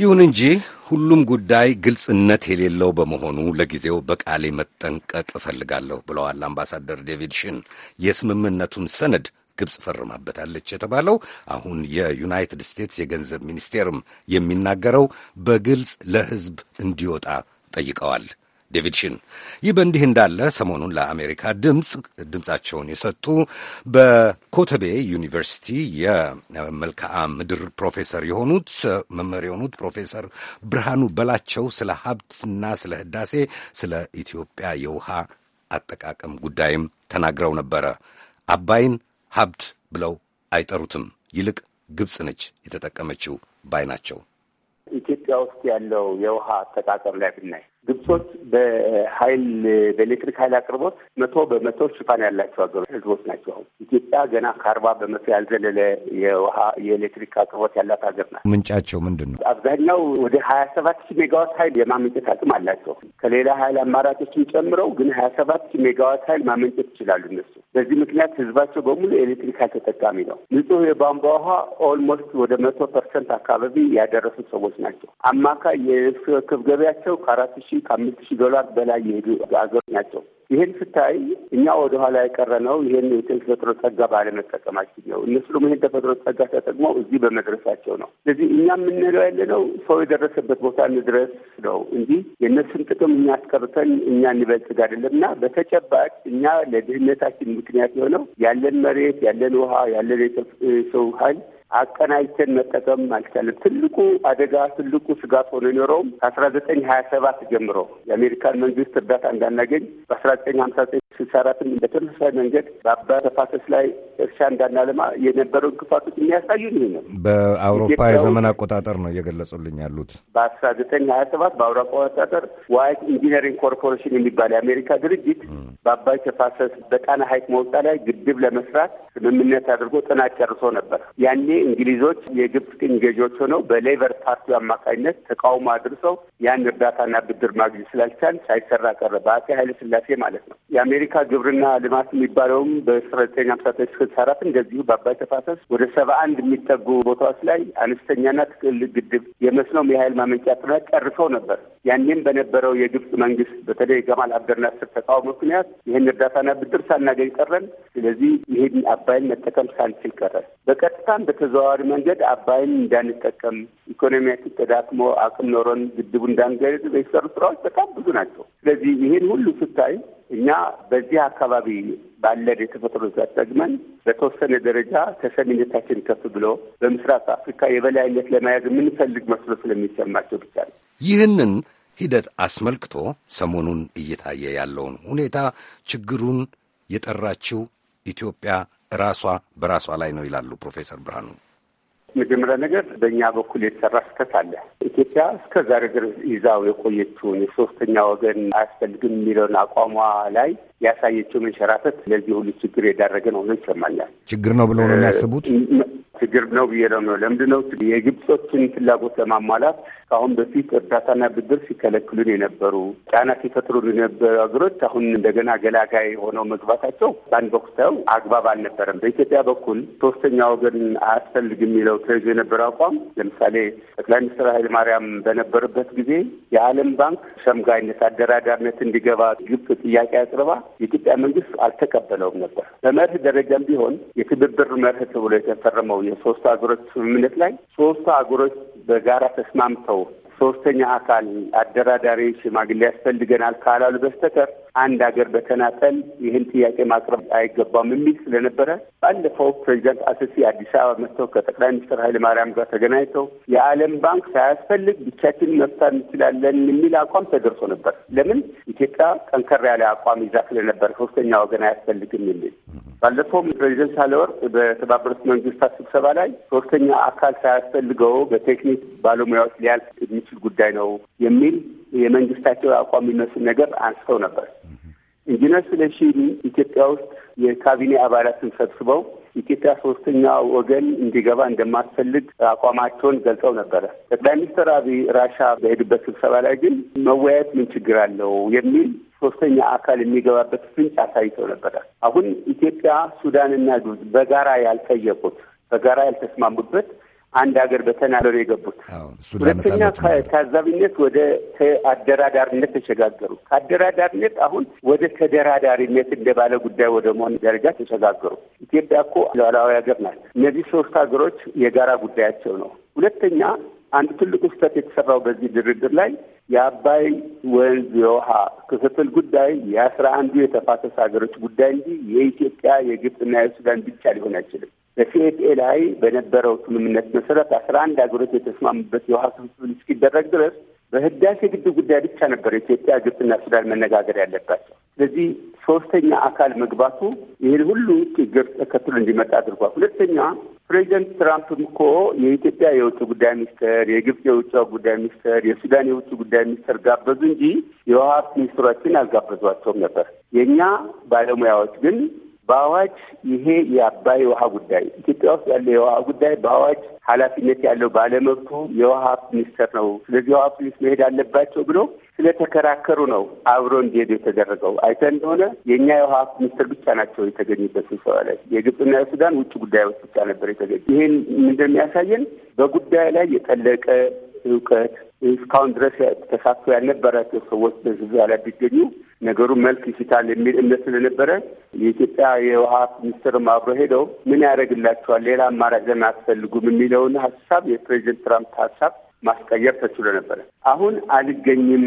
ይሁን እንጂ ሁሉም ጉዳይ ግልጽነት የሌለው በመሆኑ ለጊዜው በቃሌ መጠንቀቅ እፈልጋለሁ ብለዋል አምባሳደር ዴቪድ ሽን። የስምምነቱን ሰነድ ግብፅ ፈርማበታለች የተባለው አሁን የዩናይትድ ስቴትስ የገንዘብ ሚኒስቴርም የሚናገረው በግልጽ ለሕዝብ እንዲወጣ ጠይቀዋል። ዴቪድ ሽን ይህ በእንዲህ እንዳለ ሰሞኑን ለአሜሪካ ድምፅ ድምፃቸውን የሰጡ በኮተቤ ዩኒቨርሲቲ የመልክዓ ምድር ፕሮፌሰር የሆኑት መምህር የሆኑት ፕሮፌሰር ብርሃኑ በላቸው ስለ ሀብትና ስለ ህዳሴ፣ ስለ ኢትዮጵያ የውሃ አጠቃቀም ጉዳይም ተናግረው ነበረ። አባይን ሀብት ብለው አይጠሩትም። ይልቅ ግብፅ ነች የተጠቀመችው ባይ ናቸው። ኢትዮጵያ ውስጥ ያለው የውሃ አጠቃቀም ላይ ብናይ ግብጾች በኃይል በኤሌክትሪክ ኃይል አቅርቦት መቶ በመቶ ሽፋን ያላቸው ሀገሮች ህዝቦች ናቸው። አሁን ኢትዮጵያ ገና ከአርባ በመቶ ያልዘለለ የውሃ የኤሌክትሪክ አቅርቦት ያላት ሀገር ናት። ምንጫቸው ምንድን ነው? አብዛኛው ወደ ሀያ ሰባት ሺህ ሜጋዋት ኃይል የማመንጨት አቅም አላቸው። ከሌላ ኃይል አማራጮችን ጨምረው ግን ሀያ ሰባት ሺህ ሜጋዋት ኃይል ማመንጨት ይችላሉ እነሱ። በዚህ ምክንያት ህዝባቸው በሙሉ የኤሌክትሪክ ኃይል ተጠቃሚ ነው። ንጹህ የቧንቧ ውሃ ኦልሞስት ወደ መቶ ፐርሰንት አካባቢ ያደረሱት ሰዎች ናቸው። አማካይ የክብ ገበያቸው ከአራት ሺህ ከአምስት ሺህ ዶላር በላይ የሄዱ አገሮች ናቸው። ይህን ስታይ እኛ ወደ ኋላ የቀረ ነው። ይህን የተፈጥሮ ጸጋ ባለመጠቀማችን ነው። እነሱ ደግሞ ይህን ተፈጥሮ ጸጋ ተጠቅሞ እዚህ በመድረሳቸው ነው። ስለዚህ እኛ የምንለው ያለ ነው ሰው የደረሰበት ቦታ እንድረስ ነው እንጂ የእነሱን ጥቅም እኛ አስቀርተን እኛ እንበልጽግ አይደለም እና በተጨባጭ እኛ ለድህነታችን ምክንያት የሆነው ያለን መሬት፣ ያለን ውሃ፣ ያለን የሰው ኃይል አቀናጅተን መጠቀም አልቻለም። ትልቁ አደጋ ትልቁ ስጋት ሆኖ የኖረውም ከአስራ ዘጠኝ ሀያ ሰባት ጀምሮ የአሜሪካን መንግስት እርዳታ እንዳናገኝ በአስራ ዘጠኝ ሀምሳ ዘጠኝ ስልሳ አራትም በተመሳሳይ መንገድ በአባ ተፋሰስ ላይ እርሻ እንዳናለማ የነበረው እንቅፋቶች የሚያሳዩን ይህ ነው። በአውሮፓ የዘመን አቆጣጠር ነው እየገለጹልኝ ያሉት። በአስራ ዘጠኝ ሀያ ሰባት በአውሮፓ አቆጣጠር ዋይት ኢንጂነሪንግ ኮርፖሬሽን የሚባል የአሜሪካ ድርጅት በአባይ ተፋሰስ በጣና ሀይቅ መውጫ ላይ ግድብ ለመስራት ስምምነት አድርጎ ጥናት ጨርሶ ነበር ያኔ እንግሊዞች የግብፅ ቅኝ ገዢዎች ሆነው በሌበር ፓርቲው አማካኝነት ተቃውሞ አድርሰው ያን እርዳታና ብድር ማግኘት ስላልቻል ሳይሰራ ቀረ። በአጼ ኃይለ ስላሴ ማለት ነው። የአሜሪካ ግብርና ልማት የሚባለውም በአስራ ዘጠኝ ሀምሳ ስልሳ አራት እንደዚሁ በአባይ ተፋሰስ ወደ ሰባ አንድ የሚጠጉ ቦታዎች ላይ አነስተኛና ጥቅል ግድብ የመስኖም የኃይል ማመንጫ ጥናት ጨርሰው ነበር። ያኔም በነበረው የግብጽ መንግስት በተለይ ገማል አብደልናስር ተቃውሞ ምክንያት ይህን እርዳታና ብድር ሳናገኝ ቀረን። ስለዚህ ይህን አባይን መጠቀም ሳንችል ቀረን። በቀጥታም በተዘዋዋሪ መንገድ አባይን እንዳንጠቀም ኢኮኖሚያችን ተዳክሞ አቅም ኖሮን ግድቡ እንዳንገድ የሚሰሩ ስራዎች በጣም ብዙ ናቸው። ስለዚህ ይህን ሁሉ ስታይ እኛ በዚህ አካባቢ ባለን የተፈጥሮ ዛት ጠቅመን በተወሰነ ደረጃ ተሰሚነታችን ከፍ ብሎ በምስራቅ አፍሪካ የበላይነት ለመያዝ የምንፈልግ መስሎ ስለሚሰማቸው ብቻ ነው። ይህንን ሂደት አስመልክቶ ሰሞኑን እየታየ ያለውን ሁኔታ ችግሩን የጠራችው ኢትዮጵያ ራሷ በራሷ ላይ ነው ይላሉ ፕሮፌሰር ብርሃኑ። መጀመሪያ ነገር በእኛ በኩል የተሰራ ስህተት አለ። ኢትዮጵያ እስከ ዛሬ ድረስ ይዛው የቆየችውን የሶስተኛ ወገን አያስፈልግም የሚለውን አቋሟ ላይ ያሳየችው መንሸራተት ለዚህ ሁሉ ችግር የዳረገ ነው ሆኖ ይሰማኛል። ችግር ነው ብለው ነው የሚያስቡት። ችግር ነው ብዬ ነው። ለምንድን ነው የግብጾችን ፍላጎት ለማሟላት ከአሁን በፊት እርዳታና ብድር ሲከለክሉን የነበሩ ጫና ሲፈጥሩን የነበሩ ሀገሮች አሁን እንደገና ገላጋይ ሆነው መግባታቸው በአንድ በኩታዩ አግባብ አልነበረም። በኢትዮጵያ በኩል ሶስተኛ ወገን አያስፈልግ የሚለው ተይዞ የነበረ አቋም ለምሳሌ ጠቅላይ ሚኒስትር ኃይለማርያም በነበርበት ጊዜ የዓለም ባንክ ሸምጋይነት አደራዳሪነት እንዲገባ ግብጽ ጥያቄ አቅርባ የኢትዮጵያ መንግስት አልተቀበለውም ነበር። በመርህ ደረጃም ቢሆን የትብብር መርህ ተብሎ የተፈረመው የሶስቱ አገሮች ስምምነት ላይ ሶስቱ አገሮች በጋራ ተስማምተው ሶስተኛ አካል አደራዳሪ ሽማግሌ ያስፈልገናል ካላሉ በስተቀር አንድ ሀገር በተናጠል ይህን ጥያቄ ማቅረብ አይገባም የሚል ስለነበረ ባለፈው ፕሬዚዳንት አሰሲ አዲስ አበባ መጥተው ከጠቅላይ ሚኒስትር ኃይለ ማርያም ጋር ተገናኝተው የዓለም ባንክ ሳያስፈልግ ብቻችን መፍታት እንችላለን የሚል አቋም ተደርሶ ነበር። ለምን ኢትዮጵያ ጠንከር ያለ አቋም ይዛ ስለነበር ሶስተኛ ወገን አያስፈልግም የሚል ባለፈውም ፕሬዚደንት ሳህለወርቅ በተባበሩት መንግስታት ስብሰባ ላይ ሶስተኛ አካል ሳያስፈልገው በቴክኒክ ባለሙያዎች ሊያልፍ የሚችል ጉዳይ ነው የሚል የመንግስታቸው አቋም የሚመስል ነገር አንስተው ነበር። ኢንጂነር ስለሺ ኢትዮጵያ ውስጥ የካቢኔ አባላትን ሰብስበው ኢትዮጵያ ሶስተኛ ወገን እንዲገባ እንደማትፈልግ አቋማቸውን ገልጸው ነበረ። ጠቅላይ ሚኒስትር አብይ ራሻ በሄዱበት ስብሰባ ላይ ግን መወያየት ምን ችግር አለው የሚል ሶስተኛ አካል የሚገባበት ፍንጭ አሳይተው ነበረ። አሁን ኢትዮጵያ፣ ሱዳንና ግብጽ በጋራ ያልጠየቁት በጋራ ያልተስማሙበት አንድ ሀገር በተናለ ነው የገቡት። ሁለተኛ ታዛቢነት ወደ አደራዳሪነት ተሸጋገሩ። ከአደራዳሪነት አሁን ወደ ተደራዳሪነት እንደ ባለ ጉዳይ ወደ መሆን ደረጃ ተሸጋገሩ። ኢትዮጵያ እኮ ሉዓላዊ ሀገር ናት። እነዚህ ሶስት ሀገሮች የጋራ ጉዳያቸው ነው። ሁለተኛ አንድ ትልቁ ስህተት የተሰራው በዚህ ድርድር ላይ የአባይ ወንዝ የውሃ ክፍፍል ጉዳይ የአስራ አንዱ የተፋሰስ ሀገሮች ጉዳይ እንጂ የኢትዮጵያ የግብፅና የሱዳን ብቻ ሊሆን አይችልም። በሲኤፍኤ ላይ በነበረው ስምምነት መሰረት አስራ አንድ ሀገሮች የተስማሙበት የውሃ ስብስብን እስኪደረግ ድረስ በህዳሴ ግድብ ጉዳይ ብቻ ነበር ኢትዮጵያ፣ ግብጽና ሱዳን መነጋገር ያለባቸው። ስለዚህ ሶስተኛ አካል መግባቱ ይህን ሁሉ ችግር ተከትሎ እንዲመጣ አድርጓል። ሁለተኛ ፕሬዚደንት ትራምፕም እኮ የኢትዮጵያ የውጭ ጉዳይ ሚኒስትር፣ የግብጽ የውጭ ጉዳይ ሚኒስትር፣ የሱዳን የውጭ ጉዳይ ሚኒስትር ጋበዙ እንጂ የውሃ ሚኒስትሮችን አልጋበዟቸውም ነበር። የእኛ ባለሙያዎች ግን በአዋጅ ይሄ የአባይ ውሃ ጉዳይ ኢትዮጵያ ውስጥ ያለው የውሃ ጉዳይ በአዋጅ ኃላፊነት ያለው ባለመብቱ የውሃ ሀብት ሚኒስትር ነው። ስለዚህ የውሃ ሀብት ሚኒስትር መሄድ አለባቸው ብሎ ስለተከራከሩ ነው አብሮ እንዲሄዱ የተደረገው። አይተ እንደሆነ የእኛ የውሃ ሀብት ሚኒስትር ብቻ ናቸው የተገኙበት ስብሰባ ላይ። የግብፅና የሱዳን ውጭ ውስጥ ብቻ ነበር የተገኙ። ይህን እንደሚያሳየን በጉዳዩ ላይ የጠለቀ እውቀት እስካሁን ድረስ ተሳትፎ ያልነበራቸው ሰዎች በዝብ ላይ ቢገኙ ነገሩ መልክ ይስታል የሚል እምነት ስለነበረ የኢትዮጵያ የውሃ ሚኒስትር አብሮ ሄደው ምን ያደርግላቸዋል፣ ሌላ አማራጭ ለምን አትፈልጉም የሚለውን ሀሳብ የፕሬዚደንት ትራምፕ ሀሳብ ማስቀየር ተችሎ ነበረ። አሁን አልገኝም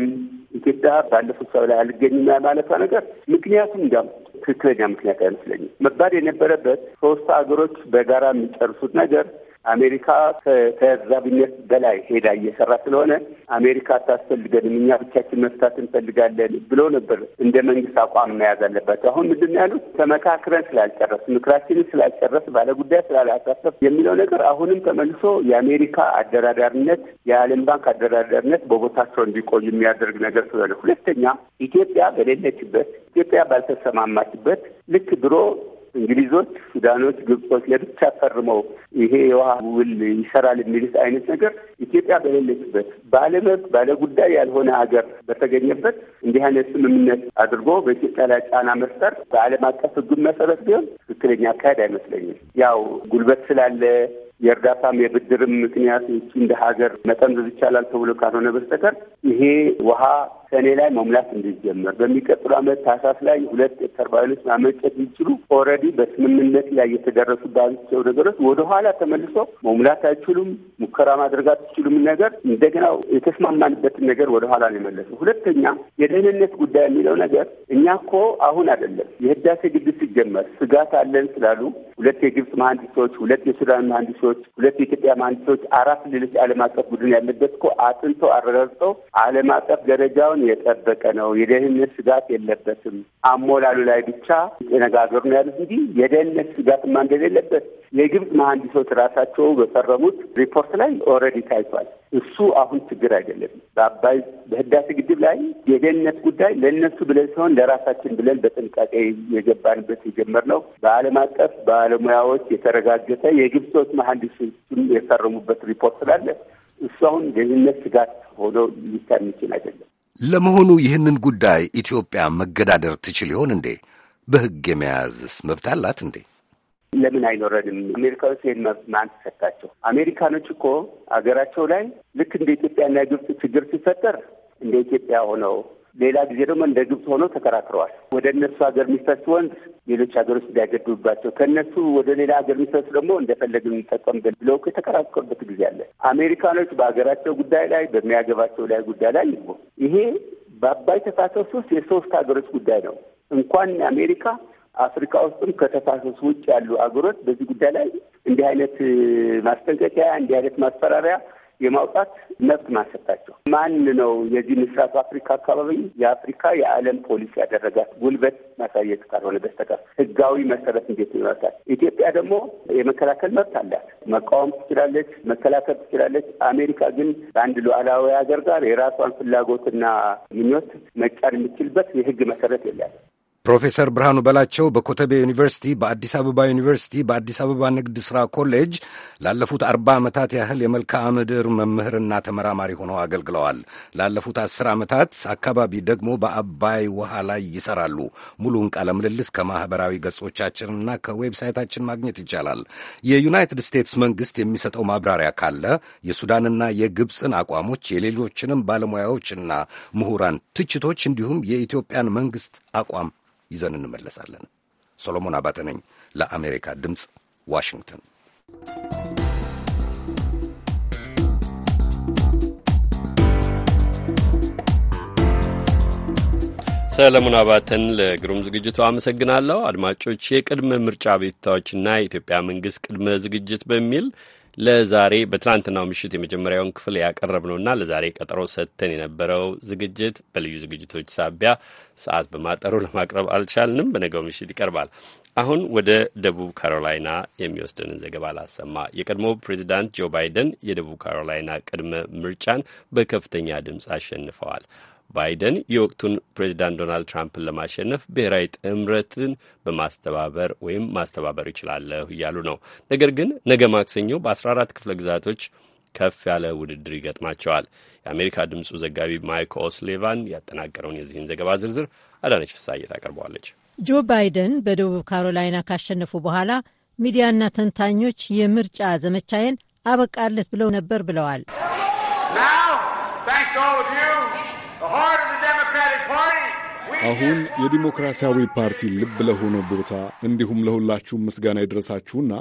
ኢትዮጵያ ባለፉት ሰው ላይ አልገኝም ማለቷ ነገር ምክንያቱም እንዲያውም ትክክለኛ ምክንያት አይመስለኝም። መባል የነበረበት ሶስት ሀገሮች በጋራ የሚጨርሱት ነገር አሜሪካ ከተዛቢነት በላይ ሄዳ እየሰራ ስለሆነ አሜሪካ አታስፈልገንም፣ እኛ ብቻችን መፍታት እንፈልጋለን ብሎ ነበር እንደ መንግስት አቋም መያዝ አለባቸው። አሁን ምንድን ያሉት ተመካክረን ስላልጨረስ፣ ምክራችንን ስላልጨረስ፣ ባለጉዳይ ስላላሳሰብ የሚለው ነገር አሁንም ተመልሶ የአሜሪካ አደራዳሪነት የዓለም ባንክ አደራዳሪነት በቦታቸው እንዲቆዩ የሚያደርግ ነገር ስለሆነ ሁለተኛ ኢትዮጵያ በሌለችበት ኢትዮጵያ ባልተሰማማችበት ልክ ድሮ እንግሊዞች፣ ሱዳኖች፣ ግብጾች ለብቻ ፈርመው ይሄ የውሃ ውል ይሰራል የሚልስ አይነት ነገር ኢትዮጵያ በሌለችበት ባለመብት ባለጉዳይ ያልሆነ ሀገር በተገኘበት እንዲህ አይነት ስምምነት አድርጎ በኢትዮጵያ ላይ ጫና መፍጠር በዓለም አቀፍ ሕጉን መሰረት ቢሆን ትክክለኛ አካሄድ አይመስለኝም። ያው ጉልበት ስላለ የእርዳታም የብድርም ምክንያት እንደ ሀገር መጠምዘዝ ይቻላል ተብሎ ካልሆነ በስተቀር ይሄ ውሃ ሰኔ ላይ መሙላት እንዲጀመር በሚቀጥሉ አመት ታህሳስ ላይ ሁለት ተርባይኖች ማመንጨት ይችሉ ኦልሬዲ በስምምነት ላይ ባቸው ነገሮች ወደኋላ ተመልሶ መሙላት አይችሉም፣ ሙከራ ማድረግ አትችሉም ነገር እንደገና የተስማማንበትን ነገር ወደኋላ ነው የመለሰው። ሁለተኛ የደህንነት ጉዳይ የሚለው ነገር እኛ እኮ አሁን አይደለም የህዳሴ ግድብ ሲጀመር ስጋት አለን ስላሉ ሁለት የግብጽ መሀንዲሶች፣ ሁለት የሱዳን መሀንዲሶች፣ ሁለት የኢትዮጵያ መሀንዲሶች፣ አራት ሌሎች የዓለም አቀፍ ቡድን ያለበት እኮ አጥንቶ አረጋግጠው ዓለም አቀፍ ደረጃውን የጠበቀ ነው። የደህንነት ስጋት የለበትም። አሞላሉ ላይ ብቻ ተነጋገሩ ነው ያሉት እንጂ የደህንነት ስጋትማ እንደሌለበት የግብፅ መሀንዲሶች ራሳቸው በፈረሙት ሪፖርት ላይ ኦልሬዲ ታይቷል። እሱ አሁን ችግር አይደለም። በአባይ በህዳሴ ግድብ ላይ የደህንነት ጉዳይ ለእነሱ ብለን ሲሆን ለራሳችን ብለን በጥንቃቄ የገባንበት የጀመርነው በዓለም አቀፍ ባለሙያዎች የተረጋገጠ የግብጾች መሀንዲሶችም የፈረሙበት ሪፖርት ስላለ እሱ አሁን ደህንነት ስጋት ሆኖ ሊታይ የሚችል አይደለም። ለመሆኑ ይህንን ጉዳይ ኢትዮጵያ መገዳደር ትችል ይሆን እንዴ? በህግ የመያዝስ መብት አላት እንዴ? ለምን አይኖረንም? አሜሪካኖች ይህን መብት ማን ተሰጣቸው? አሜሪካኖች እኮ ሀገራቸው ላይ ልክ እንደ ኢትዮጵያና ግብፅ ችግር ሲፈጠር እንደ ኢትዮጵያ ሆነው ሌላ ጊዜ ደግሞ እንደ ግብፅ ሆነው ተከራክረዋል። ወደ እነሱ ሀገር የሚፈስ ወንዝ ሌሎች ሀገሮች እንዳይገድቡባቸው ከእነሱ ወደ ሌላ ሀገር የሚፈስ ደግሞ እንደፈለግ የምንጠቀምበት ብለው የተከራከሩበት ጊዜ አለ። አሜሪካኖች በሀገራቸው ጉዳይ ላይ በሚያገባቸው ላይ ጉዳይ ላይ ይሄ በአባይ ተፋሰስ ውስጥ የሶስት ሀገሮች ጉዳይ ነው። እንኳን አሜሪካ አፍሪካ ውስጥም ከተፋሰሱ ውጭ ያሉ ሀገሮች በዚህ ጉዳይ ላይ እንዲህ አይነት ማስጠንቀቂያ እንዲህ አይነት ማስፈራሪያ የማውጣት መብት ማሰጣቸው ማን ነው? የዚህ ምስራቱ አፍሪካ አካባቢ የአፍሪካ የዓለም ፖሊሲ ያደረጋት ጉልበት ማሳየት ካልሆነ በስተቀር ህጋዊ መሰረት እንዴት ይመጣል? ኢትዮጵያ ደግሞ የመከላከል መብት አላት። መቃወም ትችላለች፣ መከላከል ትችላለች። አሜሪካ ግን በአንድ ሉዓላዊ ሀገር ጋር የራሷን ፍላጎትና ምኞት መጫን የምትችልበት የህግ መሰረት የላትም። ፕሮፌሰር ብርሃኑ በላቸው በኮተቤ ዩኒቨርሲቲ፣ በአዲስ አበባ ዩኒቨርሲቲ፣ በአዲስ አበባ ንግድ ሥራ ኮሌጅ ላለፉት አርባ ዓመታት ያህል የመልክዓ ምድር መምህርና ተመራማሪ ሆነው አገልግለዋል። ላለፉት አስር ዓመታት አካባቢ ደግሞ በአባይ ውሃ ላይ ይሰራሉ። ሙሉውን ቃለ ምልልስ ከማኅበራዊ ገጾቻችንና ከዌብሳይታችን ማግኘት ይቻላል። የዩናይትድ ስቴትስ መንግሥት የሚሰጠው ማብራሪያ ካለ የሱዳንና የግብፅን አቋሞች፣ የሌሎችንም ባለሙያዎችና ምሁራን ትችቶች እንዲሁም የኢትዮጵያን መንግሥት አቋም ይዘን እንመለሳለን። ሰሎሞን አባተ ነኝ ለአሜሪካ ድምፅ ዋሽንግተን። ሰለሞን አባተን ለግሩም ዝግጅቱ አመሰግናለሁ። አድማጮች የቅድመ ምርጫ ቤታዎችና የኢትዮጵያ መንግስት ቅድመ ዝግጅት በሚል ለዛሬ በትላንትናው ምሽት የመጀመሪያውን ክፍል ያቀረብ ያቀረብነውና ለዛሬ ቀጠሮ ሰጥተን የነበረው ዝግጅት በልዩ ዝግጅቶች ሳቢያ ሰዓት በማጠሩ ለማቅረብ አልቻልንም። በነገው ምሽት ይቀርባል። አሁን ወደ ደቡብ ካሮላይና የሚወስድንን ዘገባ ላሰማ። የቀድሞ ፕሬዚዳንት ጆ ባይደን የደቡብ ካሮላይና ቅድመ ምርጫን በከፍተኛ ድምፅ አሸንፈዋል። ባይደን የወቅቱን ፕሬዚዳንት ዶናልድ ትራምፕን ለማሸነፍ ብሔራዊ ጥምረትን በማስተባበር ወይም ማስተባበር ይችላለሁ እያሉ ነው። ነገር ግን ነገ ማክሰኞ በ14 ክፍለ ግዛቶች ከፍ ያለ ውድድር ይገጥማቸዋል። የአሜሪካ ድምፁ ዘጋቢ ማይክ ኦስሌቫን ያጠናቀረውን የዚህን ዘገባ ዝርዝር አዳነች ፍሳዬ ታቀርበዋለች። ጆ ባይደን በደቡብ ካሮላይና ካሸነፉ በኋላ ሚዲያና ተንታኞች የምርጫ ዘመቻዬን አበቃለት ብለው ነበር ብለዋል። አሁን የዲሞክራሲያዊ ፓርቲ ልብ ለሆነ ቦታ እንዲሁም ለሁላችሁም ምስጋና ይድረሳችሁና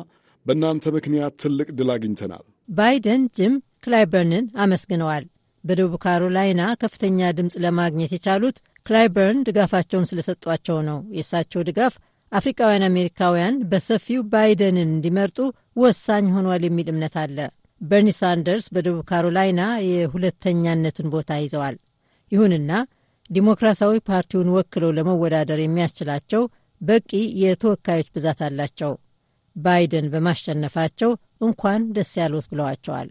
በእናንተ ምክንያት ትልቅ ድል አግኝተናል። ባይደን ጅም ክላይበርንን አመስግነዋል። በደቡብ ካሮላይና ከፍተኛ ድምፅ ለማግኘት የቻሉት ክላይበርን ድጋፋቸውን ስለሰጧቸው ነው። የእሳቸው ድጋፍ አፍሪካውያን አሜሪካውያን በሰፊው ባይደንን እንዲመርጡ ወሳኝ ሆኗል የሚል እምነት አለ። በርኒ ሳንደርስ በደቡብ ካሮላይና የሁለተኛነትን ቦታ ይዘዋል። ይሁንና ዲሞክራሲያዊ ፓርቲውን ወክለው ለመወዳደር የሚያስችላቸው በቂ የተወካዮች ብዛት አላቸው። ባይደን በማሸነፋቸው እንኳን ደስ ያሉት ብለዋቸዋል።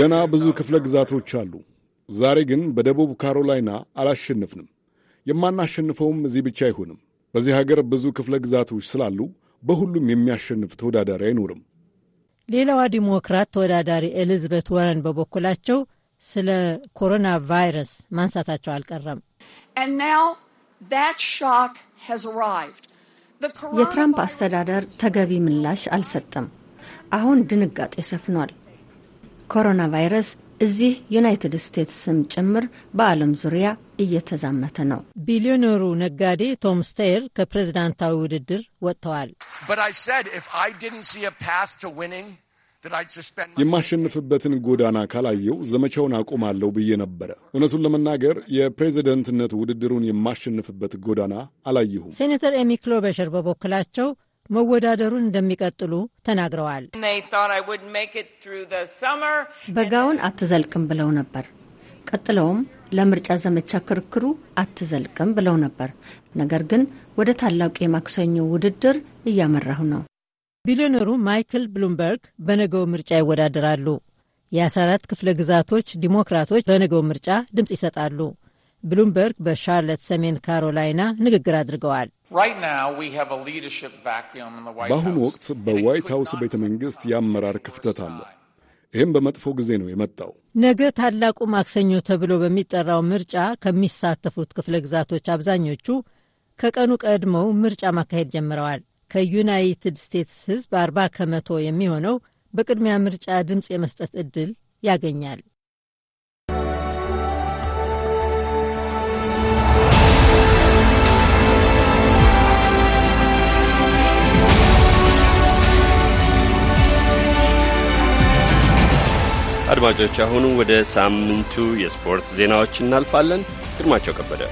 ገና ብዙ ክፍለ ግዛቶች አሉ። ዛሬ ግን በደቡብ ካሮላይና አላሸንፍንም። የማናሸንፈውም እዚህ ብቻ አይሆንም። በዚህ ሀገር ብዙ ክፍለ ግዛቶች ስላሉ በሁሉም የሚያሸንፍ ተወዳዳሪ አይኖርም። ሌላዋ ዲሞክራት ተወዳዳሪ ኤሊዝቤት ወረን በበኩላቸው ስለ ኮሮና ቫይረስ ማንሳታቸው አልቀረም። የትራምፕ አስተዳደር ተገቢ ምላሽ አልሰጠም። አሁን ድንጋጤ ሰፍኗል። ኮሮና ቫይረስ እዚህ ዩናይትድ ስቴትስም ጭምር በዓለም ዙሪያ እየተዛመተ ነው። ቢሊዮነሩ ነጋዴ ቶም ስቴየር ከፕሬዝዳንታዊ ውድድር ወጥተዋል። የማሸንፍበትን ጎዳና ካላየው ዘመቻውን አቁማለሁ ብዬ ነበረ። እውነቱን ለመናገር የፕሬዝደንትነት ውድድሩን የማሸንፍበት ጎዳና አላየሁም። ሴኔተር ኤሚ ክሎበሸር በበኩላቸው መወዳደሩን እንደሚቀጥሉ ተናግረዋል። በጋውን አትዘልቅም ብለው ነበር። ቀጥለውም ለምርጫ ዘመቻ ክርክሩ አትዘልቅም ብለው ነበር። ነገር ግን ወደ ታላቁ የማክሰኞ ውድድር እያመራሁ ነው። ቢሊዮነሩ ማይክል ብሉምበርግ በነገው ምርጫ ይወዳደራሉ። የ አራት ክፍለ ግዛቶች ዲሞክራቶች በነገው ምርጫ ድምፅ ይሰጣሉ። ብሉምበርግ በሻርለት ሰሜን ካሮላይና ንግግር አድርገዋል። በአሁኑ ወቅት በዋይት ሀውስ ቤተ መንግሥት የአመራር ክፍተት አለ። ይህም በመጥፎ ጊዜ ነው የመጣው። ነገ ታላቁ ማክሰኞ ተብሎ በሚጠራው ምርጫ ከሚሳተፉት ክፍለ ግዛቶች አብዛኞቹ ከቀኑ ቀድመው ምርጫ ማካሄድ ጀምረዋል። ከዩናይትድ ስቴትስ ሕዝብ 40 ከመቶ የሚሆነው በቅድሚያ ምርጫ ድምፅ የመስጠት ዕድል ያገኛል። አድማጮች አሁኑ ወደ ሳምንቱ የስፖርት ዜናዎች እናልፋለን። ግርማቸው ከበደ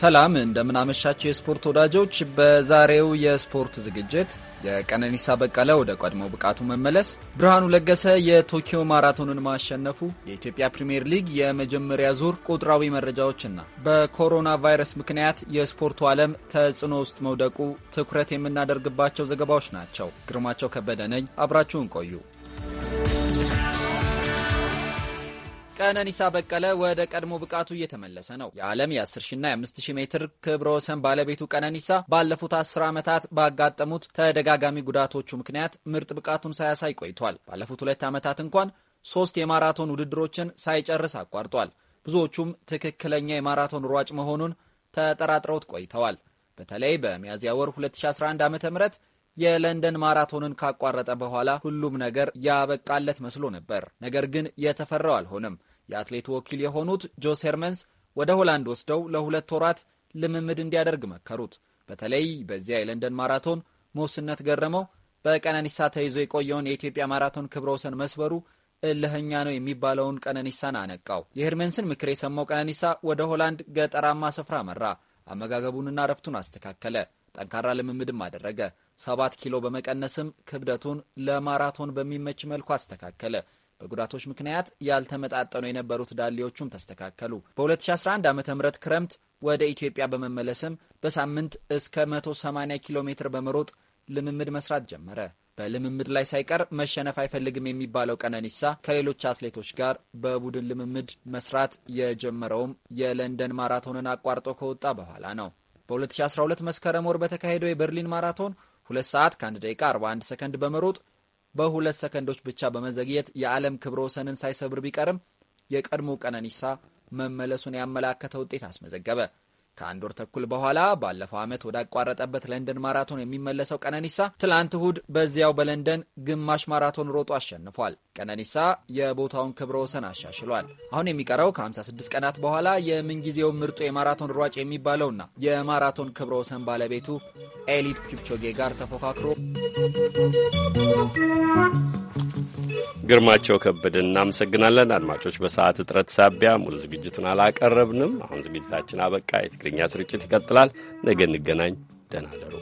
ሰላም እንደምናመሻቸው የስፖርት ወዳጆች። በዛሬው የስፖርት ዝግጅት የቀነኒሳ በቀለ ወደ ቀድሞ ብቃቱ መመለስ፣ ብርሃኑ ለገሰ የቶኪዮ ማራቶንን ማሸነፉ፣ የኢትዮጵያ ፕሪምየር ሊግ የመጀመሪያ ዙር ቁጥራዊ መረጃዎችና በኮሮና ቫይረስ ምክንያት የስፖርቱ ዓለም ተጽዕኖ ውስጥ መውደቁ ትኩረት የምናደርግባቸው ዘገባዎች ናቸው። ግርማቸው ከበደ ነኝ። አብራችሁን ቆዩ። ቀነኒሳ በቀለ ወደ ቀድሞ ብቃቱ እየተመለሰ ነው። የዓለም የ10 ሺና የ5000 ሜትር ክብረ ወሰን ባለቤቱ ቀነኒሳ ባለፉት 10 ዓመታት ባጋጠሙት ተደጋጋሚ ጉዳቶቹ ምክንያት ምርጥ ብቃቱን ሳያሳይ ቆይቷል። ባለፉት ሁለት ዓመታት እንኳን ሶስት የማራቶን ውድድሮችን ሳይጨርስ አቋርጧል። ብዙዎቹም ትክክለኛ የማራቶን ሯጭ መሆኑን ተጠራጥረውት ቆይተዋል። በተለይ በሚያዝያ ወር 2011 ዓ ም የለንደን ማራቶንን ካቋረጠ በኋላ ሁሉም ነገር ያበቃለት መስሎ ነበር። ነገር ግን የተፈራው አልሆነም። የአትሌቱ ወኪል የሆኑት ጆስ ሄርመንስ ወደ ሆላንድ ወስደው ለሁለት ወራት ልምምድ እንዲያደርግ መከሩት። በተለይ በዚያ የለንደን ማራቶን ሞስነት ገረመው በቀነኒሳ ተይዞ የቆየውን የኢትዮጵያ ማራቶን ክብረ ወሰን መስበሩ እልህኛ ነው የሚባለውን ቀነኒሳን አነቃው። የሄርሜንስን ምክር የሰማው ቀነኒሳ ወደ ሆላንድ ገጠራማ ስፍራ መራ አመጋገቡንና እረፍቱን አስተካከለ። ጠንካራ ልምምድም አደረገ። ሰባት ኪሎ በመቀነስም ክብደቱን ለማራቶን በሚመች መልኩ አስተካከለ። በጉዳቶች ምክንያት ያልተመጣጠኑ የነበሩት ዳሌዎቹም ተስተካከሉ። በ2011 ዓ ም ክረምት ወደ ኢትዮጵያ በመመለስም በሳምንት እስከ 180 ኪሎ ሜትር በመሮጥ ልምምድ መስራት ጀመረ። በልምምድ ላይ ሳይቀር መሸነፍ አይፈልግም የሚባለው ቀነኒሳ ከሌሎች አትሌቶች ጋር በቡድን ልምምድ መስራት የጀመረውም የለንደን ማራቶንን አቋርጦ ከወጣ በኋላ ነው። በ2012 መስከረም ወር በተካሄደው የበርሊን ማራቶን 2 ሰዓት ከ1 ደቂቃ 41 ሰከንድ በመሮጥ በሁለት ሰከንዶች ብቻ በመዘግየት የዓለም ክብረ ወሰንን ሳይሰብር ቢቀርም የቀድሞ ቀነኒሳ መመለሱን ያመላከተ ውጤት አስመዘገበ። ከአንድ ወር ተኩል በኋላ ባለፈው ዓመት ወዳቋረጠበት ለንደን ማራቶን የሚመለሰው ቀነኒሳ ትላንት እሁድ በዚያው በለንደን ግማሽ ማራቶን ሮጦ አሸንፏል። ቀነኒሳ የቦታውን ክብረ ወሰን አሻሽሏል። አሁን የሚቀረው ከ56 ቀናት በኋላ የምንጊዜው ምርጡ የማራቶን ሯጭ የሚባለውና የማራቶን ክብረ ወሰን ባለቤቱ ኤሊድ ኪፕቾጌ ጋር ተፎካክሮ ግርማቸው ከበደ እናመሰግናለን። አድማጮች፣ በሰዓት እጥረት ሳቢያ ሙሉ ዝግጅትን አላቀረብንም። አሁን ዝግጅታችን አበቃ። የትግርኛ ስርጭት ይቀጥላል። ነገ እንገናኝ። ደህና ደሩ።